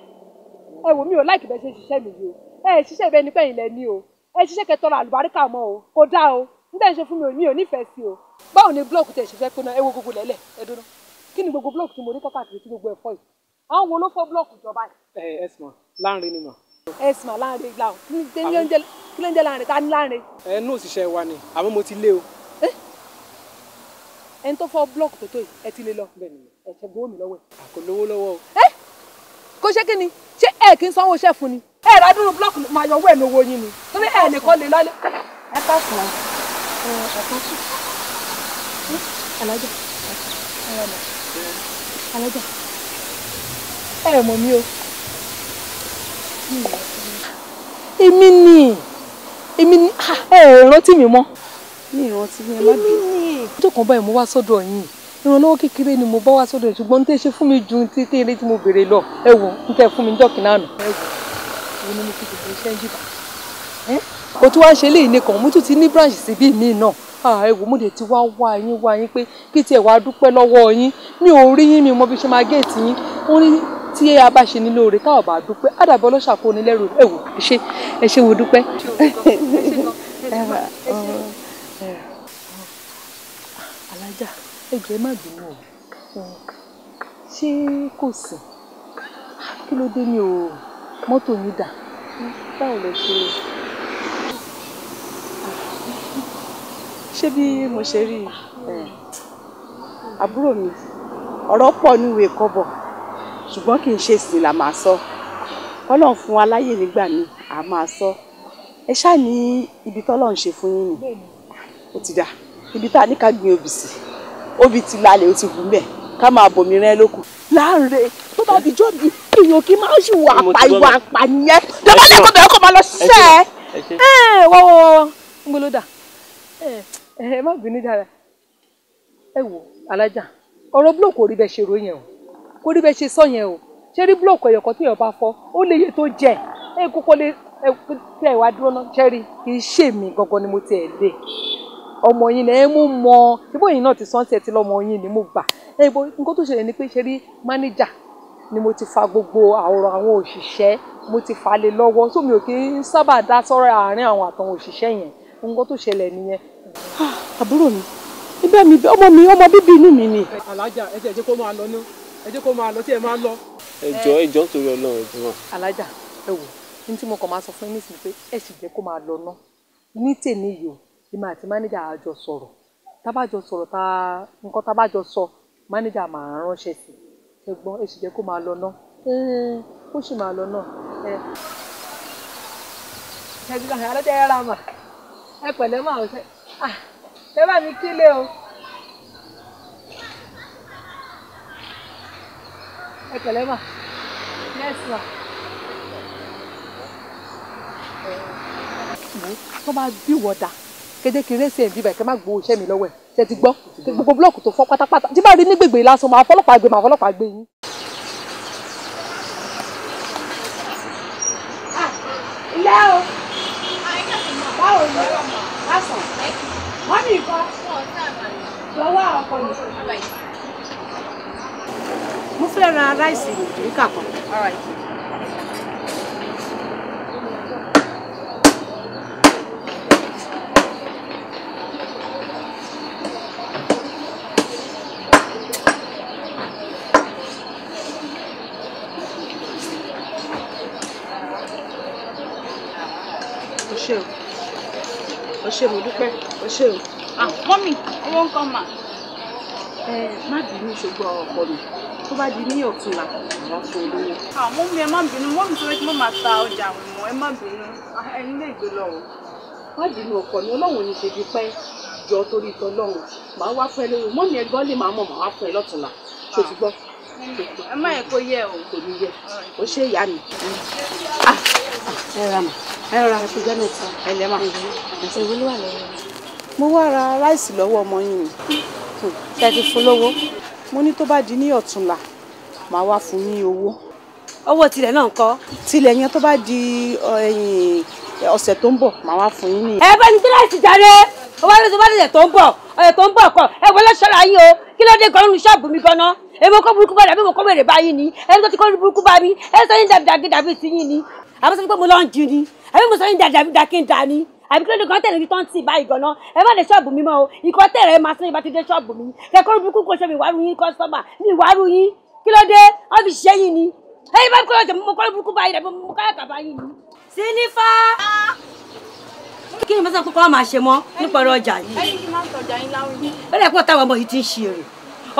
ẹ wò mí ò láìkì bẹ́ẹ̀ ṣe ṣiṣẹ́ mi yìí o ẹ ṣiṣẹ́ ìbẹ́ni pẹ́yìn lẹ ní o ẹ ṣiṣẹ́ kẹtọrọ àlùbáríkà mọ́ o kò dáa o nígbà ìṣe fún mi ò ní sí o báwo ni blọọkù tẹ̀ ṣe fẹ́ pé ẹ ẹni tó fọ́ blọọkù tó tó yìí ẹ ti lè lọ ẹsẹ gbowó mi lọ́wọ́ ẹ. àkó lówó lọ́wọ́ o. ẹ kó ṣe kí ni ṣé ẹ kì í sanwó iṣẹ́ fún ni. ẹ rà dúró blọọkù máa yọ owó ẹ lówó yín ni torí ẹ nìkan lè lálẹ́. ẹ bá sùn ọ ẹ bá sùn alájà alájà ẹ mọ̀ mí o. èmi ni èmi ni ẹ rántí mi mọ́ ní ìrántí ní ẹ má bí. ibi ni ọjọ́ kan báyìí mo wá sọ́dọ̀ yín ìrànlọ́wọ́ kékeré ni mo bá wá sọ́dọ̀ yín ṣùgbọ́n tẹ́ ṣe fún mi ju ti tẹ́ ilé tí mo béèrè lọ ẹ wò ń tẹ́ fún mi jọ́kì náà nù. o tún wá ń ṣe eléyìí nìkan mo tún ti ní branch síbí mi náà ẹ wò mo dẹ̀ ti wá wá yín wá yín pé kí tiẹ̀ wá dúpẹ́ lọ́wọ́ yín mi ò rí yín mi mo fi ṣe máa géètì yín ó ní tí a bá ṣe ní lóore tá ò bá dúpẹ́ àdàbọ̀ ọlọ́ṣà kò ní lẹ́rù ẹ̀wò ẹ ṣé ẹ ṣé wo dúpẹ́. ẹjọ́ ẹ má bínú o ṣé kò sí kí ló dé ní o mọ́tò yín dà báwo lè ṣe o. ṣé bí mo ṣe rí àbúrò mi ọ̀rọ̀ pọ̀ níwèé kọ́bọ̀ ṣùgbọ́n kì í ṣe sí la máa sọ kọ́lọ́n fún aláyè nígbà míì a máa sọ ẹ ṣáà ní ibi tọ́lọ́run ṣe fún yín ni ó ti dà ibi tá a ní ká gbin obì sí obì ti lálẹ́ ó ti wù mẹ́ ká máa bòmí rẹ́ lókun. láàárẹ̀ tó bá di jọ́bi èèyàn kì í máa ṣì wà àpà ìwà àpà yẹn lọ́wọ́ lẹ́kọ̀ọ́ bẹ̀rẹ̀ kó máa lọ ṣẹ́ ẹ. ẹ wọ́n wọ́n mo ló dà ẹ má bínú dára ẹ wò alájà ọ̀rọ̀ búlọ̀kù orí bẹ́ẹ̀ ṣe ro yẹn o kò rí bẹ́ẹ̀ ṣe sọ yẹn o ṣé rí búlọ̀kù ẹ̀yọ̀kan tí èèyàn bá fọ́ ó lè yẹ tó jẹ ẹ kókó lè tẹ ìwà dúró náà ṣẹ́rí kì í ṣèmi gangan ni mo tiẹ̀ lé ọmọ yín lẹ́yìn mú mọ ibò yìí náà ti sọ́ńtì ẹ̀ ti lọ́mọ yín ni mo gbà ẹ̀ bó nǹkan tó ṣẹlẹ̀ ni pé ṣe rí mánéjà ni mo ti fa gbogbo ọ̀rọ̀ àwọn òṣìṣẹ́ mo ti fà lé lọ́wọ́ tó mi ò kí ń sábà dá sọ́rọ̀ àárín àwọn àtàwọn òṣìṣẹ́ yẹn nǹkan tó ṣẹlẹ̀ nìyẹn. Ah, àbúrò mi ibẹ̀ mi ọmọ mi ọmọ bíbí inú mi ni. alájà ẹ jẹ́ kó máa lọ ná ẹ jẹ́ kó máa lọ tí ẹ máa lọ. ẹ jọ ẹ jọ torí Ọlọ́run ẹ jọ. alájà ẹ wò ní tí mo kàn máa sọ fún yín nísìnyí pé ẹ sì jẹ́ kó máa lọ ná ní tèmi yìí o èmi àti mánéjà á jọ sọ̀rọ̀ tá a bá jọ sọ̀rọ̀ tá a nǹkan tá a bá jọ sọ mánéjà máa ránṣẹ́ sí i ẹ̀gbọ́n ẹ sì jẹ́ kó máa lọ ná ó sì máa lọ ná. ẹ̀gbọ́n àyàrá tẹ ẹ ra mà ẹ pẹ̀lẹ́ mà ọ̀sẹ̀ ẹ bá mi kílé o. ẹ pẹ̀lẹ́ mà yes ma. tó bá bí wọ́n dáa kéde kí rẹ́sì ẹ̀ bíbẹ̀ kẹ́ má gbowó iṣẹ́ mi lọ́wọ́ ẹ̀ ṣe ti gbọ́ gbogbo búlọ̀kù tó fọ́ pátápátá tí bá rí ní gbègbè lásán máa fọlọ́pàá gbé máa fọlọ́pàá gbé yín. Ah, ilé o báwo ni lásán wọ́n ní nǹkan lọ́wọ́ ọkọ mi. mo fẹ́ ra ráìsì ìdíkà kan. ṣé mo dúpẹ́ o ṣé o. mọ́mì owó ń kọ́ mà. ẹ má bínú ṣùgbọ́n ọkọ mi tó bá di ní ọ̀túnla àwọn fún olówó. mọ́mì ẹ má bínú mọ́mì tó rẹ́ kí mo máa ta ọjà mọ́ ẹ má bínú ẹni lè gbé lọ o. má bínú ọkọ mi ọlọ́run ní ṣe fi pẹ́ jọ torí tọ́lọ́run màá wá fún ẹ lórí mọ́mì ẹgbọ́n lè máa mọ̀ màá wá fún ẹ lọ́túnla ṣòtúgbọ́n ẹ má yẹ kó yẹ o. kò ní yẹ o ṣe ìyá mi. ẹ ra mà ẹ ra ẹ fi jẹ́ mi tán ẹ lẹ́ mà ẹ wọlé wà lọ́wọ́. mo wá ra ráìsì lọ́wọ́ ọmọ yín ni ṣe ti fún lówó mo ní tó bá di ní ọ̀túnla màá wá fún ní owó. owó tilẹ̀ náà ń kọ́. tilẹ̀ yẹn tó bá di ọ̀sẹ̀ tó ń bọ̀ màá wá fún yín ní. ẹ bá ní gbé láìsí jáde owó ló ti bá ní ọ̀sẹ̀ tó ń bọ̀ ọ̀sẹ̀ tó ń bọ̀ kọ ẹ wọlé ṣọ́ra yín o kí ló dé gan-an ní ṣọ́ọ̀bù mi gan-an èmi kọ́ burúkú bá dàbí mo kọ́ wèrè báyìí ni ẹni tó ti kọ́ burúkú bá mi ẹni sọ yín dàbí dàbí sí yín ni àbí sọ pé mo lọ ń jí ni àbí mo sọ yín dàbí dàkí ń dà ni àbí kí ló dé kan tẹ̀lé mi tó ń tì báyìí gan-an ẹ má dé ṣọ́ọ̀bù mi mọ́ o ìkọ́ tẹ̀lé ẹ máa sọ ìbá ti dé ṣọ́ọ̀bù mi kẹ́kọ́ burúkú kò ṣe mi wàá ru yín kọ́sọ́mà mi wàá ru yín kí ló dé wọ́n fi ṣe yín ni ẹ̀yin bá kọ́ mo kọ́ burúkú báyìí dàbí mo káyà kàbá yín ni. sínífà. kí ni mo sọ pé kọ́ máa ṣe mọ́ nípa ọ̀rọ̀ ọjà yìí. ẹ̀yin ti máa ń tọ́jà yín láwùjọ. ó dẹ̀ pọ̀ táwọn ọmọ yìí ti ń ṣe èrè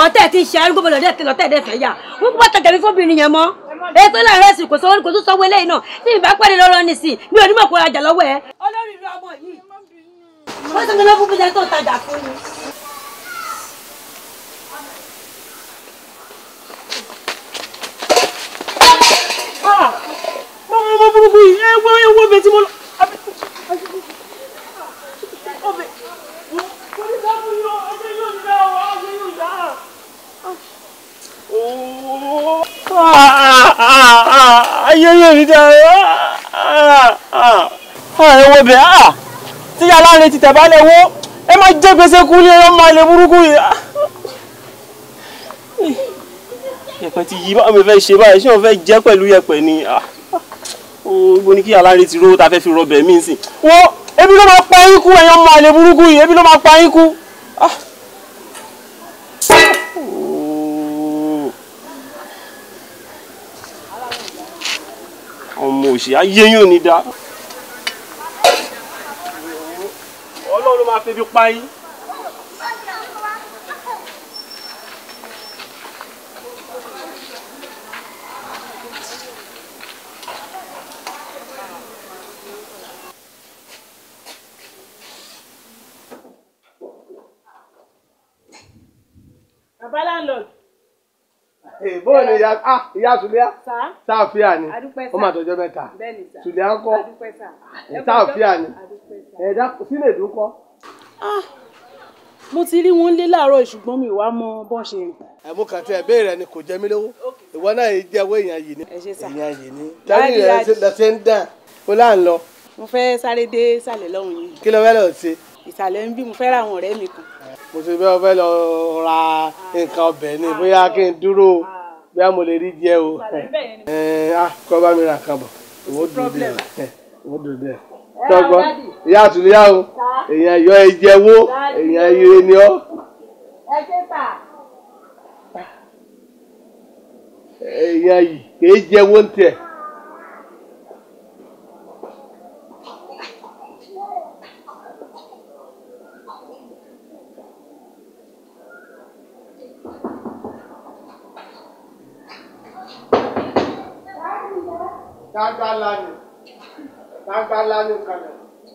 ọ̀tẹ̀ ti ṣe arúgbó bọ̀lọ̀ dẹ̀ lọ́tẹ̀ dẹ̀ fẹ́ yà wọ́n kú bàtà tẹ̀mí fóbìnrin yẹn mọ́ èyí tó láàárẹ̀ sì kò sówó kò tún sanwó eléyìí náà tí ìbá pẹ́ẹ́rẹ́ lọ́rọ́ ní sí mi ò ní mọ̀ kó rajà lọ́wọ́ ẹ. olórí ìlú ọmọ yìí wọ́n ti mi lọ́kùn bí jẹ́tọ̀ tajà fún mi. ọmọ ọmọ burúkú yìí ẹ wọ ẹ wọ bẹ́ẹ̀ tí mo lọ. ọbẹ̀ wọ́n ti dábò yọ ọ ayẹyẹ mi dá ẹ wo bẹ a tí yàrá rẹ ti tẹ̀bá lẹ wo ẹ má jẹ́ gbèsè kú ní ẹyọ máa lè burúkú yìí. yẹ̀pẹ̀ ti yí báwo mi fẹ́ ṣe báyìí ṣé wọ́n fẹ́ jẹ́ pẹ̀lú yẹ̀pẹ̀ ni ibo ni kí yàrá rẹ ti rówó ta fẹ́ fi rọbẹ̀ mí sìn. wo ebi ló máa pa yín kú ẹyọ máa lè burúkú yìí ebi ló máa pa yín kú. ọmọ òsì ayé ni ní dá. ọlọ́run máa febi pa yín. Baba landlord. Eh, bóyá ni ìyá ah ìyá sùlẹ́à sáàfíà ni ó mà tọjọ́ mẹ́ta sùlẹ́à ń kọ́ sáàfíà ah, ni ẹ̀dá sílẹ̀ dùn kọ́. Ah, mo ti rí wọn lé láàárọ̀ ṣùgbọ́n mi wàá mọ bọ́n ṣe rìn. àmú kan tí ẹ béèrè ni kò jẹ mí lówó ìwọ náà yìí jẹ owó èèyàn yìí ni èèyàn yìí ni lẹ́yìn rẹ̀ lọ́sẹ̀ ń dàn ó là ń lọ. mo fẹ́ sáré dé ìsàlẹ̀ lọ́hùn-ún yìí. kí ló fẹ́ lọ sí. ìsàlẹ̀ ń bí mo fẹ́ ra àwọn ọ̀rẹ́ mi kan mo ṣe bẹ́ẹ̀ fẹ́ lọ ra nǹkan ọbẹ̀ ni bóyá kí n dúró bóyá mo lè rí jẹ o ẹ á kọ́ bá mi ra kan bọ̀ ìwọ dùn dé ìwọ dùn dé tọgbọ ìyá àtúnyá o èèyàn yọ ẹjẹwó èèyàn ire ni ọ. Ah. èèyàn yìí kì í jẹwó ń tiẹ̀. tagbalanu tagbalanu kana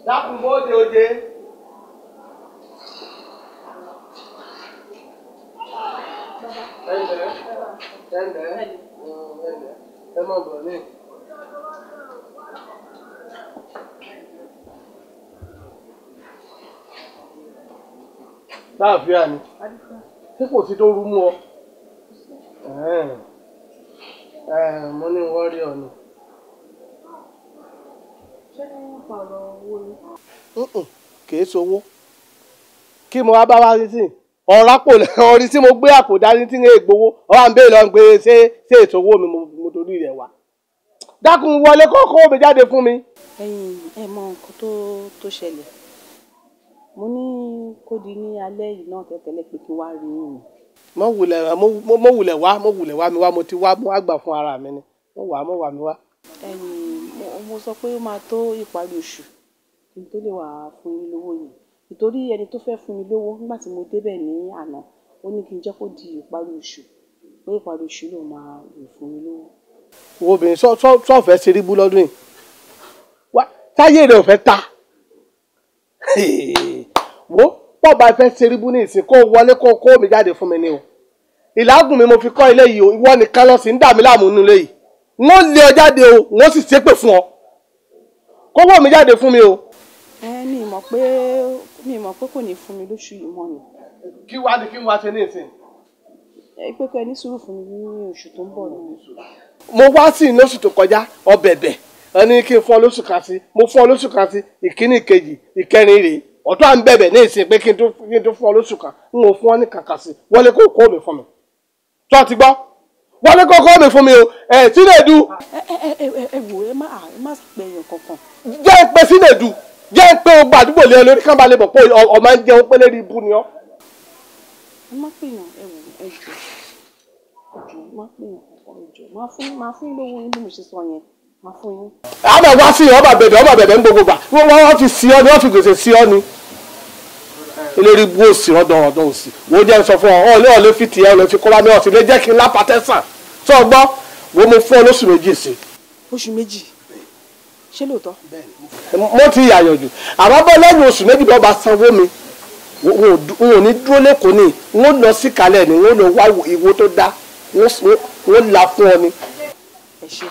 dákun bó de o de. ẹnlẹ ẹnlẹ ẹnlẹ ẹ má bọ̀ ní. láàfíà ni tí kò sí tó rú mú ọ mo ní wọ́n rí ṣé nípa ọ̀rọ̀ owó ni. kìí ṣowó kí mo wá bá wá rí sí ọ̀rá pò lẹ́rọ̀ rí tí mo gbé àpò dání tí ń gbowó ọba ń béèrè lọ́n pé ṣé ṣé ètò owó mi mo torí rẹ̀ wá dákun wọlé kọ́kọ́ mi jáde fún mi. ẹ̀yin ẹ mọ nǹkan tó tó ṣẹlẹ̀ mo ní kó di ní alẹ́ yìí náà tẹ́tẹ́lẹ́ pé kí wá rí i. mo wulẹ̀ wá mo wulẹ̀ wá mo wulẹ̀ wá mi wá mo ti wá mo wá gbà fún ara mi ni mo wà mo wà mi wá. ẹ̀yin mo sọ pé ó máa tó ìparí oṣù kí n tó lè wá fún yín lówó yìí. Nítorí ẹni tó fẹ́ fún mi lówó nígbà tí mo dé bẹ̀ ní àná, ó ní kí n jẹ́ kó di ìparí oṣù, pé ìparí oṣù ló máa lè fún mi lówó. Wo obìnrin ṣọ́, ṣọ́, ṣọ́ fẹ́ ṣe rí bú lọ́dún yìí? Wá, táyé rẹ̀ ò fẹ́ ta. Wo, bó bá fẹ́ ṣe rí bú ní ìsìn kó wọlé kó kó mi jáde fún mi ni o. Ìlágùn mi mo fi kọ́ ilé yìí o, ìwọ nìkan lọ sí ń dà mí láàmú nínú yìí. Wọ́n lé ọ jáde o, wọ́n sì ṣépè fún ọ kówó mi jáde fún mi o. ẹ mi pé mi mọ̀ pé kò ní fún mi lóṣù yìí mọ́ ni. kí wàá di kí n wá ṣe ní ìsìn. ẹ pé kẹ́ ní sùúrù fún mi ní oṣù tó ń bọ̀ ni. mo wá sí i lóṣù tó kọjá ọbẹ̀ bẹ̀ ẹ ní kí n fún ọ lóṣù kan sí mo fún ọ lóṣù kan sí ìkíní ìkejì ìkẹrin rèé ọ̀dọ́ à ń bẹ̀bẹ̀ ní ìsìn pé kí n tó fún ọ lóṣù kan n ò fún ọ ní kàkà sí wọlé kó kó mi fún mi tó ti gbọ́ wọlé kó kó mi fún mi o ẹ̀ tí lè du. ẹ ẹ ẹ ẹ wò ẹ má ẹ má pẹ̀yìn kankan jẹ́ ń pe sílẹ̀ dù jẹ́ ń pe ogun àdúgbò lé lórí kán balẹ̀ bọ̀ pé ọmọ ń jẹun pé lérí ibú ni ọ́. ẹ má pèèyàn ẹ wò ẹ jọ ọjọ má pèèyàn ọjọ má fún má fún lówó yín bí mo ṣe sọ yẹn má fún yín. àbẹ̀ wá sí ọba bẹ̀bẹ̀ ọba bẹ̀bẹ̀ ń gbogbo gbà wọ́n wọ́n fi sí ọ ni wọ́n fi gbèsè sí ọ ni olórí bú òsì rọ́dọ̀ ọ̀dọ̀ òsì wo jẹ́ sọ fún ọ ọ lé ọ lé fi tiẹ̀ ọ lè fi kọ́ ṣé lóòótọ́. mo ti yàyànjú àmọ́ bọ́ lẹ́yìn oṣù méjì bọ́ bá sanwó mi wọn ò ní dúró lẹ́kọ̀ọ́ ni wọ́n lọ sí kalẹ̀ ni wọ́n lọ wá ìwo tó dá wọ́n là fún ọ ni. ẹ ṣe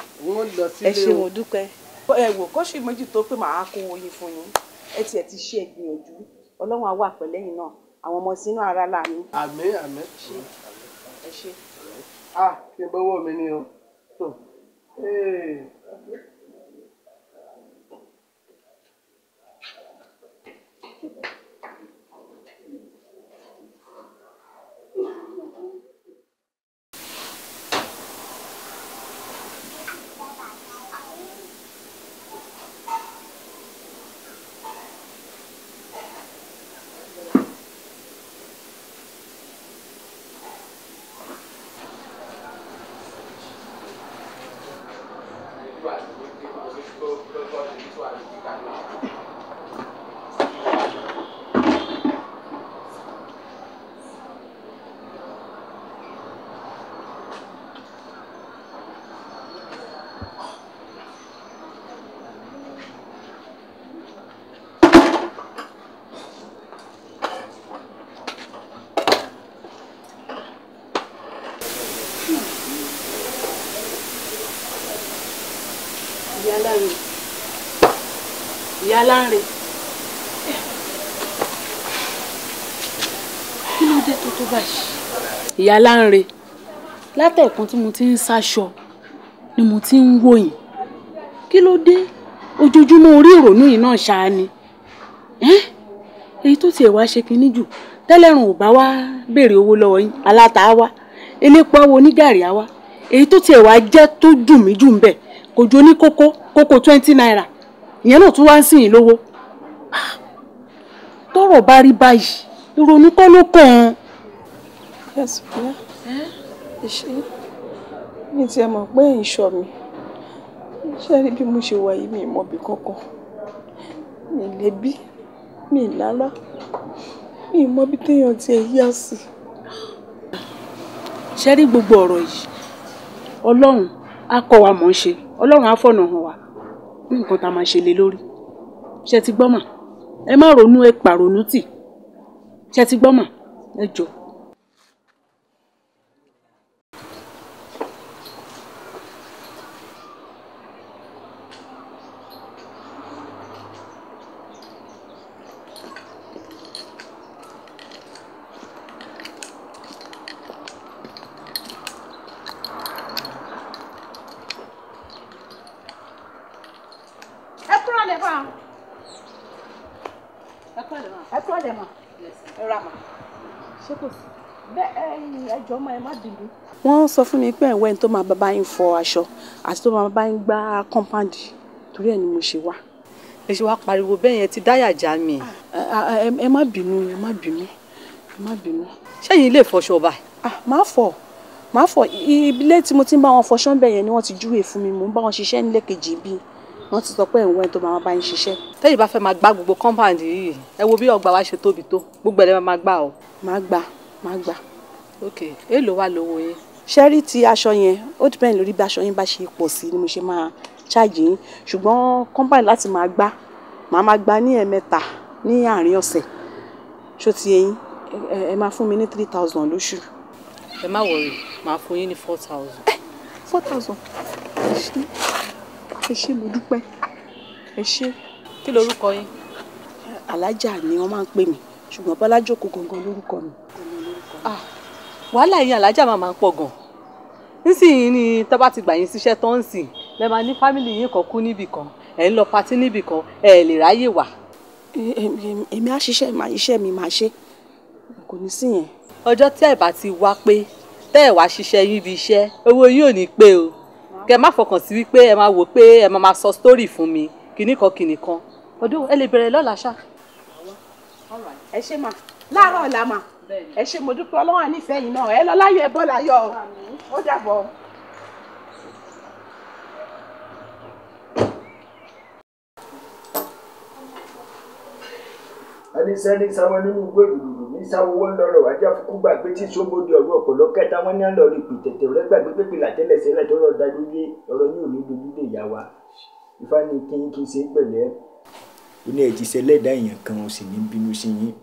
ẹ ṣe mo dúpẹ́ ẹ wò kóṣù méjì tó pé màá kó oyin fún yín ẹ tiẹ̀ ti ṣe ìgbìyànjú ọlọ́run á wà pẹ̀lẹ́yìn náà àwọn ọmọ sínú ara láàánú. àmín àmín. ẹ ṣe. a ah, kí n bọ́wọ́ mi ni o. Thank you. aláǹrẹ̀ kí ló dé tó tó báyìí. ìyá aláǹrẹ̀ látẹ̀kùn tí mo ti ń sáṣọ ni mo ti ń wòyìn kí ló dé ojoojúmọ́ orí ìrònú yìí náà ṣáá ni èyí tó tiẹ̀ wá ṣe kinní jù tẹ́lẹ̀rùn ò bá wá béèrè owó lọ́wọ́ yín aláta á wá elépo awo onígàrí á èyí tó tiẹ̀ wá jẹ́ tó dùn mí jù ń bẹ̀ kò ju oníkókó kókó twenty naira ìyẹn náà tún wá ń sìn yín lówó tọ́rọ̀ bá rí báyìí ìrònú kọ́ ló kàn án. ẹ̀sìn mi tiẹ̀ mọ̀ pé ìṣọ́ mi ṣe rí bí mo ṣe wà yìí mi ìmọ̀bì kankan mi lẹ́bí mi lálá mi ìmọ̀bí téèyàn tiẹ̀ yá sí. ṣe rí gbogbo ọ̀rọ̀ yìí ọlọ́run á kọ́ wa mọ̀ ń ṣe ọlọ́run á fọ̀nà hàn wá pé nǹkan tá a máa ṣe lé lórí ṣe ti gbọ́ mà ẹ má ronú ẹ pàrònú tì ṣe ti gbọ́ ẹ jọ̀ọ́ wọ́n sọ fún mi pé ẹ̀wẹ́ tó máa bàbá yín fọ aṣọ àti tó máa bàbá yín gbá kọ́ńpáàdì torí ẹ̀ ni mo ṣe wá. ẹ ṣe wá pariwo bẹ́ẹ̀ yẹn ti dáyà já mi. ẹ má bínú ẹ má bínú ẹ má bínú. ṣẹ́yìn ilé ìfọṣọ ọba. Ah, máa fọ máa fọ ilé tí mo ti ń bá wọn fọṣọ bẹ́ẹ̀ yẹn ni wọ́n ti júwèé fún mi mò ń bá wọn ṣiṣẹ́ nílé kejì bíi wọ́n ti sọ pé ìwọ ẹni tó máa bá ń ṣiṣẹ́. tẹ́yìn bá fẹ́ máa gbá gbogbo compound yìí ẹ wo bí ọgbà wa ṣe tóbi tó gbogbo ẹ̀rẹ́ máa gbà o. máa gbà máa gbà. ok èèlò wà lówó yín ṣẹ́rí ti aṣọ yẹn ó dìpẹ́ǹd lórí bí aṣọ yẹn bá ṣe pọ̀ sí ni mo ṣe máa ṣáàjì yín ṣùgbọ́n kọ́mpáì láti máa gbá màá máa gbá ní ẹ̀ẹ̀mẹ́ta ní àárín ọ̀sẹ̀ ṣó ti yẹn ẹ máa fún mi ní three thousand lóṣù. ẹ má wọrí màá fún yín ní four thousand. Eh, four thousand ẹ ṣé mo dúpẹ́ ẹ ṣé. kí lorúkọ yín. alájà ni wọ́n máa ń pè mí ṣùgbọ́n bọ́lájòkó gangan lórúkọ mi. Ah, wàhálà yín alájà máa máa ń pọ̀ gan-an nísìnyí ni tó bá ti gbà yín síṣẹ́ tó ń sìn lẹ máa ní fámìlì yín kan kú níbì kan ẹ̀ ń lọ patí níbì kan ẹ̀ lè ráyè wà. èmi á ṣiṣẹ́ màá iṣẹ́ mi màá ṣe kò ní sí yẹn. ọjọ́ tí ẹ̀ bá ti wá pé tẹ́ ẹ̀ wá ṣiṣẹ́ yín ibi iṣẹ́ owó yín ò ní pé o kẹ má fọkàn sí wípé ẹ máa wò pé ẹ máa máa sọ sítórì fún mi kìnnìkan kìnnìkan ọdún ẹ lè bẹ̀rẹ̀ lọ́la ṣá. ẹ ṣe mà láàárọ̀ ọ̀la ẹ ṣe mo dúpẹ́ ọlọ́wọ́n ànífẹ́ yìí náà ẹ lọ láyọ̀ ẹ bọ́ láyọ̀ ó dàbọ̀. ẹni sẹ́ni sáwọ́ nínú ìwé ìdùnnú ní sáwọ́ owó ńlọrọ̀ ajá fún kúgbà pé tí sóbòdì ọ̀rọ̀ ọ̀pọ̀lọ́ kẹta wọn ní àlọ́ rí pìtẹ̀tẹ̀ rẹ gbàgbé pépè látẹ́lẹ̀ sílẹ̀ tó lọ́ọ́ dájú lé ọ̀rọ̀ yóò ní dojú lè yá wa ìfani kí n kí n ṣe pẹ̀lẹ́ ó ní ẹ̀ ti ṣẹlẹ́dá èèyàn kan ó sì ní bínú sí yín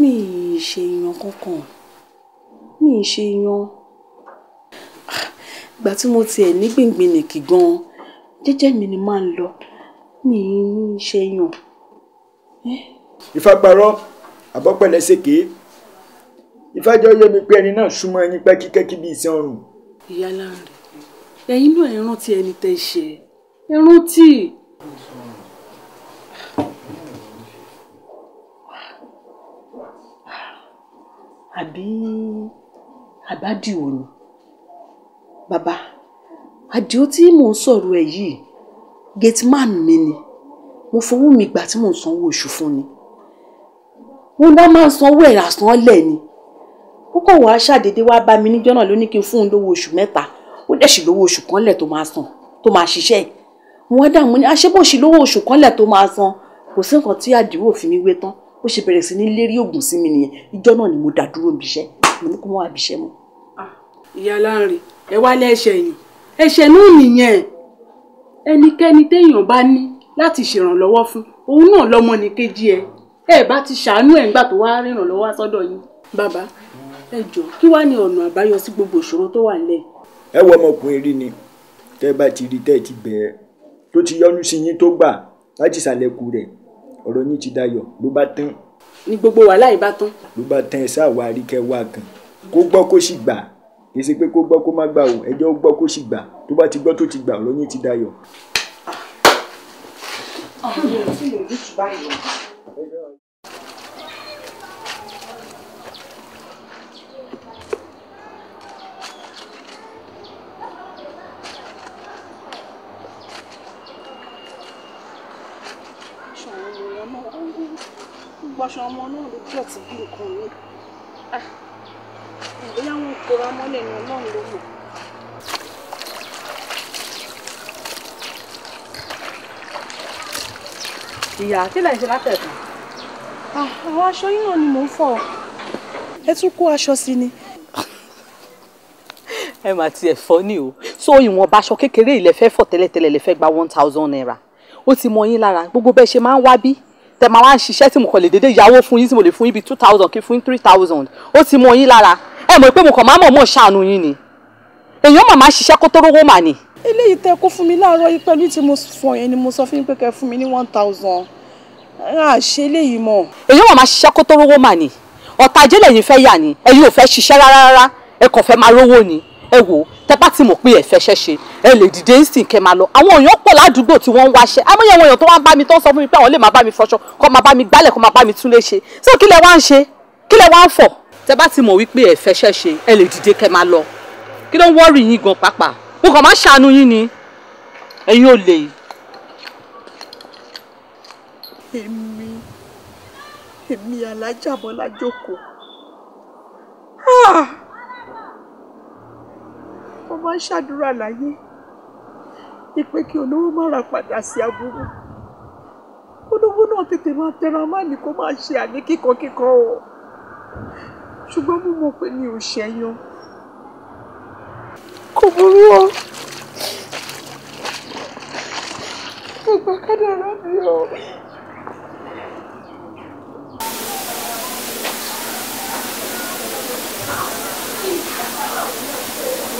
mi ì ṣe yan kankan mi ì ṣe yan ìgbà tí mo tiẹ̀ ní gbìngbin nìkì gan jẹ́jẹ́ mi ni máa ń lọ mi ì ṣe yan. ìfagbárọ́ àbọ̀pẹ̀lẹ̀ ṣèké ìfájọ́ yé mi pé ẹni náà súnmọ́ ẹni pẹ́kíkẹ́kí bíi iṣẹ́ ọrùn. ìyá láńrè ẹ̀yin náà ẹ rántí ẹni tẹ́ ṣe ẹ rántí. àbí àbádìò ni bàbá àdìó tí mò ń sọ̀rọ̀ ẹ̀ yìí gateman mi ni mo fowó mi gbà tí mò ń sanwó oṣù fún ni wọn dá máa ń sanwó ẹ̀ àsán lẹ̀ ni púpọ̀ wàá ṣàdédé wá bá mi níjọ́ náà ló ní kí n fún un lówó oṣù mẹ́ta ó dẹ̀ sì lówó oṣù kan lẹ̀ tó máa san tó máa ṣiṣẹ́ wọn dààmú ní aṣẹ́bọ̀ṣì lówó oṣù kan lẹ̀ tó máa san kò sí nǹkan tí àdìó òfin mi wé tán ó ṣe bẹ̀rẹ̀ sí ní lérí oògùn sí mi nìyẹn ìjọ náà ni mo dá dúró níbi iṣẹ́ mo ní kó mọ́ àbí iṣẹ́ mu. ìyá láàrin ẹ wá lẹ́ẹ̀ṣẹ̀ yìí ẹ̀ṣẹ̀ náà nìyẹn ẹnikẹ́ni téèyàn bá ní láti ṣèrànlọ́wọ́ fún òun náà lọ́mọ ní kejì ẹ ẹ bá ti ṣàánú ẹ̀ ńgbà tó wá rìnrànlọ́wọ́ wá sọ́dọ̀ bàbá ẹ jọ kí wàá ní ọ̀nà àbáyọ sí gbogbo ìṣòro tó wà nílẹ̀. ẹ wọ ọmọkùnrin rí ni tẹ bá ti rí tẹ ti bẹ̀ẹ́ tó ti yọnu sí yín tó gbà láti ṣàlẹ̀kùn rẹ̀ ọ̀rọ̀ yín ti dayọ̀ ló bá tán. ni gbogbo wàhálà yìí bá tán. ló bá tán ẹ sáà wá rí kan kó gbọ́ kó sì gbà kì í ṣe pé kó gbọ́ kó má gbà o ẹjọ́ ó gbọ́ kó sì gbà tó bá ti gbọ́ tó ti gbà ọ̀rọ̀ yín ti dayọ̀. ọ̀hún ah, mi ò tí ì lè rí jù báyìí lọ. náà gbogbo aṣọ ọmọ náà ló dọ̀tí bí nǹkan mi ah, bóyá wọn kó ra mọ́lẹ̀ ní ọlọ́run ló mọ̀. ìyá kí lẹ̀ ṣe látẹ̀kùn. Ah, àwọn aṣọ yín náà ni mò ń fọ̀ ẹ tún kó aṣọ sí ni ẹ máa tiẹ̀ fọ́ ni o so ìwọ̀nba aṣọ kékeré ilẹ̀ fẹ́ fọ̀ tẹ́lẹ̀tẹ́lẹ̀ lè fẹ́ gba one thousand naira ó ti mọ lára gbogbo bẹ́ẹ̀ ṣe máa ń wá bí tẹ máa wá ń ṣiṣẹ́ tí mo kàn lè dédé yáwó fún yín tí mo lè fún yín bíi two thousand kí fún yín three thousand ó ti mọ yín lára ẹ mọ̀ pé mo kàn máa mọ̀ mọ̀ ṣàánú yín ni èèyàn màmá ṣiṣẹ́ kó tó rówó mà ni. eléyìí tẹ kó fún mi láàárọ̀ yìí pẹ̀lú tí mo fọ yẹn ni mo sọ fún yín pé kẹ fún mi ní one thousand a ṣe eléyìí mọ. èèyàn màmá ṣiṣẹ́ kó tó rówó mà ni ọ̀tá ajé lẹ́yìn fẹ́ yà ni ẹ̀yin ò fẹ́ ṣiṣẹ́ rárá rárá ẹ kàn fẹ́ máa rówó ni ẹ wò tẹ bá ti mọ̀ pé ẹ fẹ́ ṣẹ́ṣe ẹ lè dìde nsìn kẹ máa lọ àwọn èèyàn pọ̀ ládùúgbò tí wọ́n ń wáṣẹ́ amóye àwọn èèyàn tó wá ń bá mi tó ń sọ fún mi pé àwọn lè máa bá mi fọṣọ kó máa bá mi gbálẹ̀ kó máa bá mi túnlé ṣe so kí lẹ wá ń ṣe kí lẹ wá ń fọ̀ tẹ bá ti mọ̀ wípé ẹ fẹ́ ṣẹ́ṣe ẹ lè dìde kẹ máa lọ kí ló ń wọ́ọ̀rì yín gan pàápàá mo kàn máa ṣàánú yín ni ẹ̀yin ò lè. èmi èmi alájà Bọ́lá mo máa ń ṣàdúrà láyé ni pé kí olówó má ra padà sí aburú olówó náà tètè máa tẹra má ní kó máa ṣe àní kíkọkíkọ o ṣùgbọ́n mo mọ̀ pé mi ò ṣẹ̀yàn kò burú o mo gbà kádàrá mi o.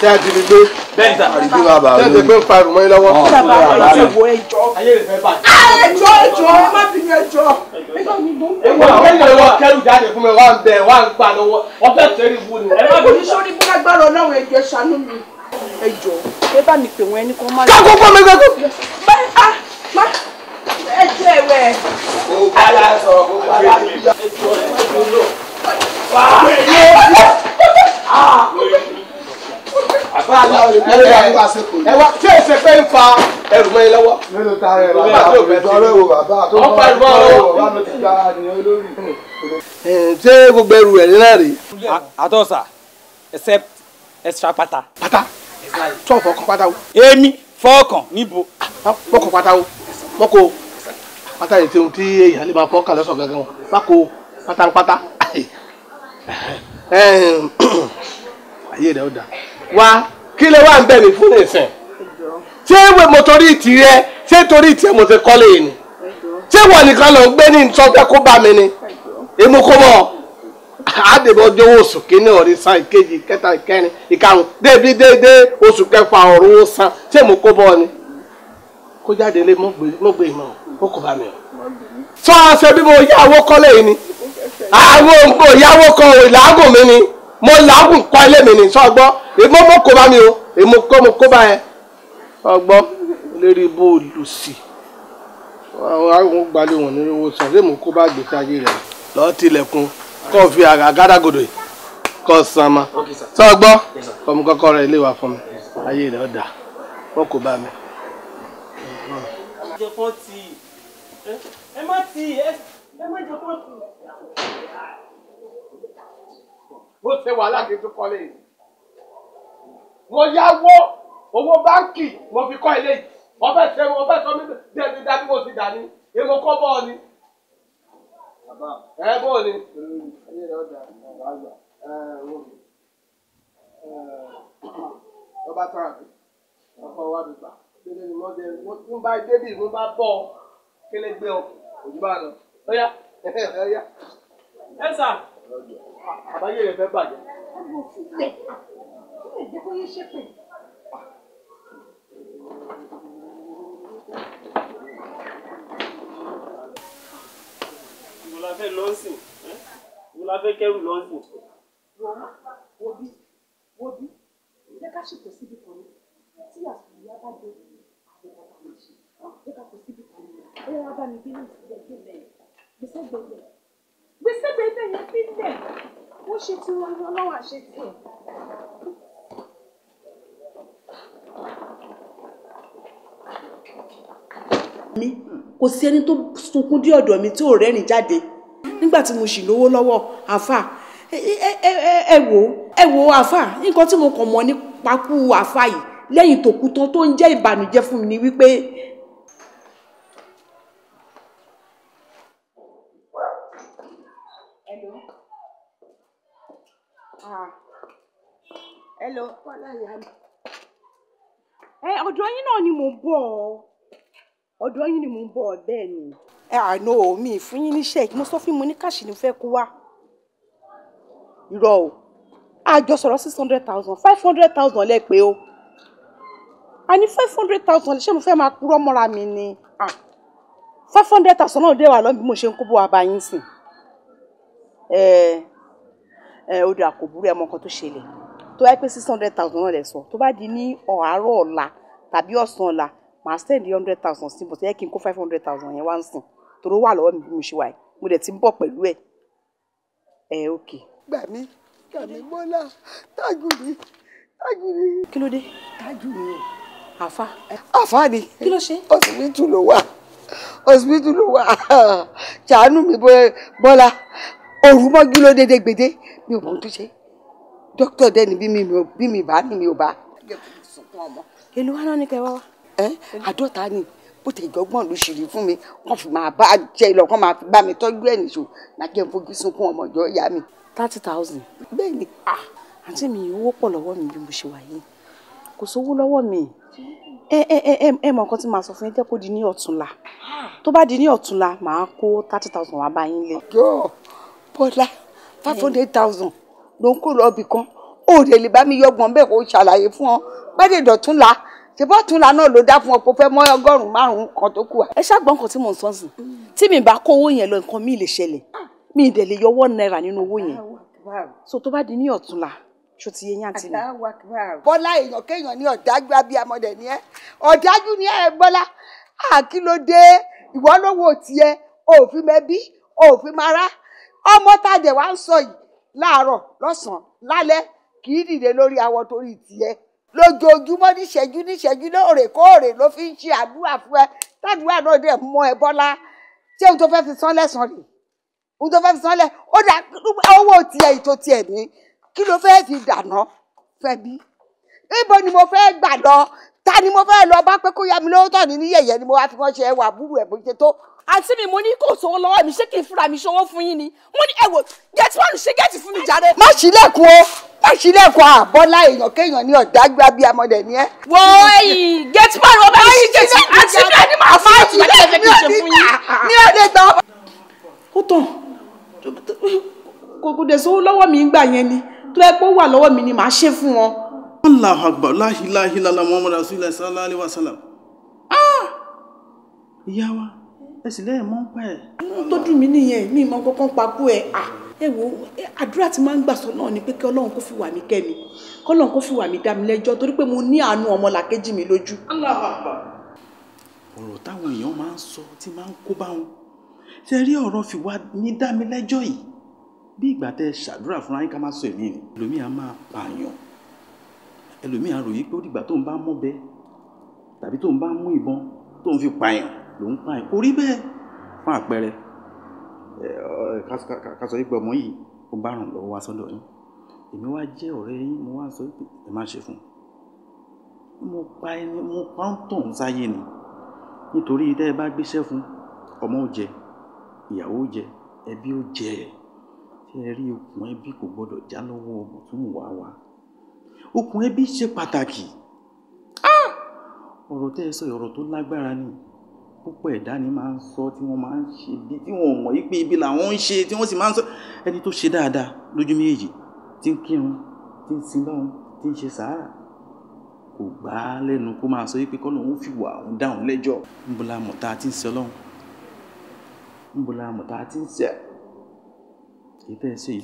ṣé a ti fi gbé àdìgbé bàbá rẹ ṣé a ti gbé parun mọ́ lọ́wọ́ bàbá rẹ. ẹjọ́ ẹjọ́ ẹ má bínú ẹjọ́. ewu àwọn èèyàn wọ kẹrù jáde fún mi wà ń bẹ wà ń gbà lọ́wọ́ ọbẹ tẹrí wù ni. ẹ má bínú sórí bí lágbára Ọlọ́run ẹjọ́ ṣàánú mi. ẹjọ́ ẹ bá mi pè wọn ẹni kan má. kákó fún mi gbogbo. bẹ́ẹ̀ a má ẹjọ́ ẹ̀wẹ̀. kó bá a sọ kó bá a sọ. ẹjọ́ ẹjọ́ lò ẹwà tí èsè pé ń fa ẹrù mọ́ ẹ lọ́wọ́. nínú ta ẹ bàbá ìdọ́rẹ́ wo bàbá tó bá ẹrù mọ́ ọ bá mi ti gba ni olórí. ṣé gbogbo ẹrù rẹ̀ nílẹ̀ rè. àtọ́sà except extra pata. pata tó o fọkàn pata o. èmi fọkàn níbo. Ah, fọkàn pata o mọ́kò pata yìí tí ohun tí èèyàn lè máa fọ́kàn lọ́sàn gángan wọn mọ́kò pátápátá ayé rẹ̀ ó dáa. wá kí lè wá ń bẹ̀ mí fún nìsín ṣé ìwé ìtì rẹ ṣé torí ìtì mo ti kọ́lé yìí ni ṣé ìwọ nìkan ló gbé ní ìtọ́fẹ́ kó bá mi ni èmi kò mọ̀ àdèbọ̀ ọjọ́ oṣù kínní ọ̀rìsàn ìkejì ìkẹta ìkẹrin ìkarùn débi dédé oṣù kẹfà ọ̀rùn san ṣé mo kó ni kó jáde lé mọ́ gbé ó bá mi o kọ́lé yìí ni àwọn mi ni. mo làágùn kọ́ ilé mi ní sọ́gbọ́ o èmo kọ́ mo kó bá lérí bó o lù sí àwọn si wọn nínú owó sàn lémo kó bá gbèsè ayé rẹ̀ lọ́ọ́ tilẹ̀kùn kọ́ fi àgà gádágodo san ma ọmọ ó ṣe wàhálà kí n tó kọ́lé yìí mo yáwó owó báńkì mo fi kọ́ ilé yìí mo fẹ́ ṣe mo fẹ́ sọ mí dẹ́bi dá bí mo ti dà ní èmo kọ́ bọ́ọ̀ ni. ẹ bọ́ọ̀ ni. ọba tán àbí ọkọ wa mi gbà kílé ni mo jẹ mo bá débì mo bá bọ̀ kílé gbé ọ òjú bá lọ ó yá ó yá. ẹ sà àbáyé rẹ fẹ́ bàjẹ́. ọmọ òfúlẹ̀ fúlẹ̀ jẹ́ kó yé ṣépè. mo la fẹ́ lọ́sìn mo la fẹ́ kẹ́rù lọ́sìn. wọ́n wo bí wo bí jẹ́ ká ṣètò síbi kan ní tí àsùnwòn yá bá dé àwọn ọ̀gá méjì jẹ́ ká kó síbi kan ní ẹ̀rọ abánigbé ní ìsìlẹ̀ gbẹ̀gbẹ̀ gbèsè gbẹ̀gbẹ̀ gbèsè bèbè yẹn fi lẹ̀ wọ́n ṣe ti wọn lọ lọ́wọ́ àṣẹ tiẹ̀. mi kò sí ẹni tó sunkún dé ọ̀dọ̀ mi tí ò rẹ́rìn jáde nígbà tí mo sì lówó lọ́wọ́ àáfà ẹ wò ẹ wò àáfà nǹkan tí mo kàn mọ̀ nípa kú àáfà yìí lẹ́yìn tó kú tán tó ń jẹ́ ìbànújẹ́ fún mi ni wípé Hello. Ẹ ọ̀dọ̀ yín náà ni mò ń bọ̀ ọ́. ni mò ń bọ̀ ọ́ bẹ́ẹ̀ Ẹ àná mi fún yín níṣẹ́ mo sọ fún mi ní fẹ́ six hundred thousand five hundred thousand lẹ́ o. five hundred thousand mi Five hundred thousand mo Eh, ó dà kò burú ẹ mọ nǹkan tó ṣẹlẹ̀ tó wáyé pé six hundred thousand náà lẹ sọ tó bá di ní àárọ̀ ọ̀la tàbí ọ̀sán ọ̀la màá send hundred thousand sí bọ̀tẹ́ yẹ kí n kó five hundred thousand yẹn wá ń sìn toró wà lọ́wọ́ mi bí mo ṣe wà mo dẹ̀ ti ń bọ̀ pẹ̀lú ẹ̀ ẹ̀ ok. gbà mí gbà mí mọ́lá tájù mi tájù mi. kí ló dé. tájù mi o. àfa. àfa ni. kí ló ṣe. ọsibítù ló wà ọsibítù ló wà ṣàánú mi bọ́lá òru mọ́jú ló dédé gbèdé mi ò mọ ohun tó ṣe dókítà dẹ́ni bí mi bí mi bá ní mi ò bá. èlò wa náà ni kẹwàá wa. ẹ àádọ́ta ni bó tẹ ìjọgbọ́n ló ṣèlú fún mi wọ́n fi máa bá jẹ́ lọ kó máa fi bá mi tọ́jú ẹ̀ nìṣó nàjẹ́ ń fojú sunkún ọmọ ìjọ ìyá mi. thirty thousand. bẹ́ẹ̀ni. àǹtí mi owó pọ̀ lọ́wọ́ mi bí mo ṣe wà yìí kò sówó lọ́wọ́ mi ẹ ẹ ẹ ẹ ẹ mọ nǹkan tí màá sọ fún yín jẹ́ kó di ní ọ̀túnla tó bá di ní ọ̀túnla màá kó thirty thousand wá bá yín lé. Bọ́lá five hundred thousand ló ń kó lọ ibì kan ó lè lè bá mi yọgbọ̀n bẹ́ẹ̀ kó ṣàlàyé fún ọ bẹ́ẹ̀ dọ̀tún la ṣùgbọ́n ọ̀tún la náà ló dá fún ọ pé fẹ́ mọ́ ọgọ́rùn-ún márùn-ún kan tó kù. ẹ ṣàgbọ́n nǹkan tí mò ń sọ sí tí mi bá kó owó yẹn lọ nǹkan mi lè ṣẹlẹ̀ mi ì dẹ̀ lè yọwọ́ náírà nínú owó yẹn so tó bá di ní ọ̀tún la ṣó ti yẹn àti mi. bọ́lá èèyàn kéèyàn ní ọ̀dájú abiyamọ̀dẹ̀ ni ẹ ọ̀dájú ni ẹ bọ́lá àkìlódé ìwọ́lówó tiẹ̀ òfin mẹ́bí òfin mara ọmọ tá a dẹ̀ wá ń sọ yìí láàárọ̀ lọ́sàn-án lálẹ́ kì í dìde lórí awọ torí tiẹ̀ lójoojúmọ́ níṣẹ́jú níṣẹ́jú lóòrèkóòrè ló fi ń ṣe àdúrà fún ẹ tàdúrà náà dẹ̀ mọ ẹ bọ́lá ṣé ohun tó fẹ́ fi san lẹ́sàn rè ohun tó fẹ́ fi san lẹ́ ó dà owó tiẹ̀ ètò tiẹ̀ ní kí ló fẹ́ fi dànà fẹ́ bí níbo ni mo fẹ́ gbà lọ ta ni mo fẹ́ lọ bá pé kó yá mi lówó tọ̀ ní yẹ̀yẹ́ ni mo wá fi wọ́n ṣe ẹwà búrú ẹ̀ bó ṣe tó. àǹtí mi mo ní kò sówó lọ́wọ́ mi ṣé kí n fúnra mi ṣòwò fún yín ni mo ní ẹ̀wò gẹ̀ẹ́tì wọn ṣe gẹ̀ẹ́tì fún mi jáde. má ṣílẹ̀kùn o má ṣílẹ̀kùn àbọ́lá èèyàn kéèyàn ní ọ̀dà gba bí amọ̀dẹ̀ ni ẹ. wo ẹ̀yin gẹ̀ẹ́tì wọn ò bá mi ṣí gẹ̀ẹ́tì àǹtí mi ni màá fún wọn. Allahu akbar la ilaha illallah Muhammad rasulullah sallallahu alaihi wasallam ah! ìyá wa ẹ sì lẹ́yìn mọ́ ń pa ẹ̀. tó dùn mí nìyẹn mi mọ kankan papò ẹ ẹ wo àdúrà tí máa ń gbàsọ náà ni pé kí Ọlọ́run kó fi wà mí kẹ́ mi kí Ọlọ́run kó fi wà mí dá mi lẹ́jọ́ torí pé mo ní àánú ọmọ làkejì mi lójú. Allahu akbar. ọ̀rọ̀ táwọn èèyàn máa ń sọ tí máa ń kó bá wọn ṣe rí ọ̀rọ̀ fi ẹlòmíì àròyé pé ó dìgbà tó ń bá mọ́bẹ tàbí tó ń bá mú ìbọn tó ń fi pààyàn ló ń pààyàn kò rí bẹ́ẹ̀ fún àpẹẹrẹ ká sọ pé ọmọ yìí ó bá ràn lọ́wọ́ wá sọ́dọ̀ yín èmi wá jẹ́ ọ̀rẹ́ yín mo wá sọ pé ẹ má ṣe fún un mo pa ẹni mo pa ń tàn sáyé ni nítorí tẹ́ ẹ bá gbéṣẹ́ fún ọmọ ò jẹ ìyàwó ò jẹ ẹbí ò jẹ ẹ ṣe rí okùn ẹbí kò gbọdọ̀ já lọ́wọ́ ọmọ tó mù wá wá okùn ẹbí ṣe pàtàkì ah! ọ̀rọ̀ tẹ́ ẹ sọ ọ̀rọ̀ tó lágbára ni púpọ̀ ẹ̀dá ni máa ń sọ tí wọ́n máa ń ṣe ibi làwọn ń ṣe tí wọ́n sì máa ń sọ ẹni tó ṣe dáadáa lójú méjèèjì tí ń kírun tí ń sin tí ń ṣe sàárà kò lẹ́nu fi wà òun dáhùn lẹ́jọ́ níbo la mọ̀ tá a ti ń ṣe ọlọ́run níbo a ti ń ṣe èyí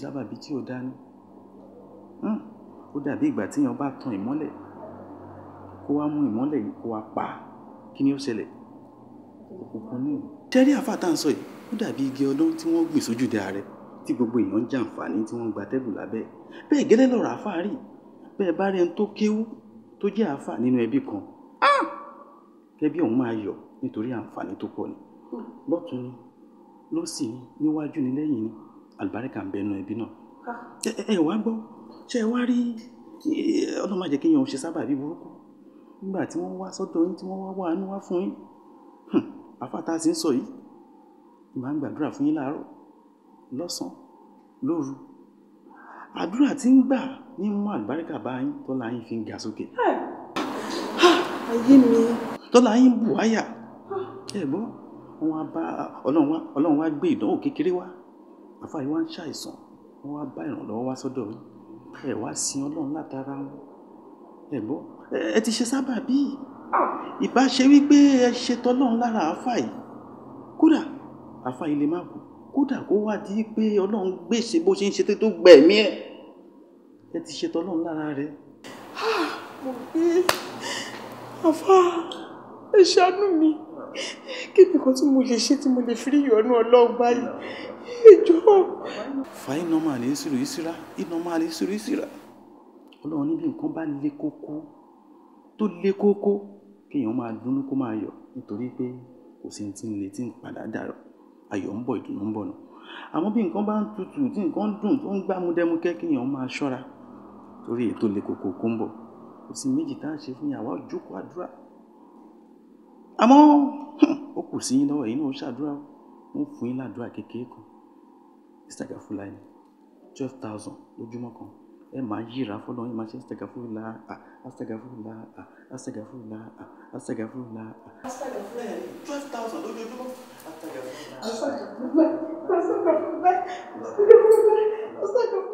ẹ ó dàbí ìgbà tíyàn bá tan ìmọ́lẹ̀ kó wá mú ìmọ́lẹ̀ yìí kó wá pa kí ni ó ṣẹlẹ̀ òkùnkùn ní. tẹ́rí àfà tá à ń sọ yìí ó dàbí igi ọlọ́run tí wọ́n gbìn sójúde ààrẹ tí gbogbo èèyàn ń jàǹfààní tí wọ́n ń gba tẹ́gùn lábẹ́ bẹ́ẹ̀ gẹ́lẹ́ lọ́rọ̀ àfà rí bẹ́ẹ̀ bá rí ẹni tó kéwú tó jẹ́ àfà nínú ẹbí kan ẹbí ọ̀hún máa yọ̀ nítorí àǹfààní tó pọ̀ ni lọ́tún ni lọ́sì ni níwájú ni lẹ́yìn ni àlùbáríkà ń bẹnu ẹbí náà ah! ẹ ẹ wá gbọ́ ṣe wá rí eh, ọlọ́run má jẹ́ kí èèyàn ṣe sábàbí burúkú nígbà tí wọ́n wá sọ́dọ̀ yín tí wọ́n wá wá àánú wá fún yín àfáàtà sì ń sọ yìí ìmọ̀ à ń gbàdúrà fún yín láàárọ̀ lọ́sàn-án lóru àdúrà tí ń gbà ní mú àlùbáríkà bá yín tọ́lá yín fi ń ga sókè. Ah, ayé mi. tọ́lá yín bù áyà ẹ gbọ́ wọn á bá ọlọ́run wá gbé ìdánwò kékeré wá àfáà yìí wá ń ṣàìsàn wọn á bá ìrànlọ́wọ́ wá sọ́dọ̀ yín ẹ wá sin ọlọ́run látara wọn ẹ gbọ́ ẹ ti ṣe sábà bíi ìbá ṣe wípé ẹ ṣetọ ọlọ́run lára àáfà yìí kódà àáfà yìí lè má kú kódà kó wá di pé ọlọ́run gbèsè bó ṣe ń ṣe tó gbẹ̀mí ẹ̀ ẹ ti ṣetọ ọlọ́run lára rẹ̀. Ah, mo gbé àáfà ẹ ṣàánú mi kí ni nǹkan tí mo lè ṣe tí mo lè fi rí ìyọ́nú ọlọ́run báyìí ìjọ. fa iná máa lè sùrù ìsira iná máa lè sùrù ìsira ọlọ́run níbi nǹkan bá le kókó tó le kókó kéèyàn máa dùnnú kó máa yọ̀ nítorí pé kò sí ti ń le tí ń padà dàrọ̀ ayọ̀ ń bọ̀ ìdùnnú ń bọ̀ nù àmọ́ bí nǹkan bá ń tutù tí nǹkan dùn tó ń gbá múdẹ́múkẹ́ kéèyàn máa ṣọ́ra torí ètò le kókó kó ń bọ̀ kò sí méjì tá à ń ṣe fún yàrá òjòkó àdúrà àmọ́ ó kù sí yín lọ́wọ́ yìí náà ó ṣàdúrà wọn fún yín ládùúrà kékeré kan Mr. Gafulani twelve thousand lójúmọ́ kan ẹ máa yíra fọlọ́ ẹ máa ṣe astagafurula astagafurula astagafurula astagafurula. astagafurula yẹn twelve thousand lójoojúmọ́ astagafurula astagafurula astagafurula astagafurula.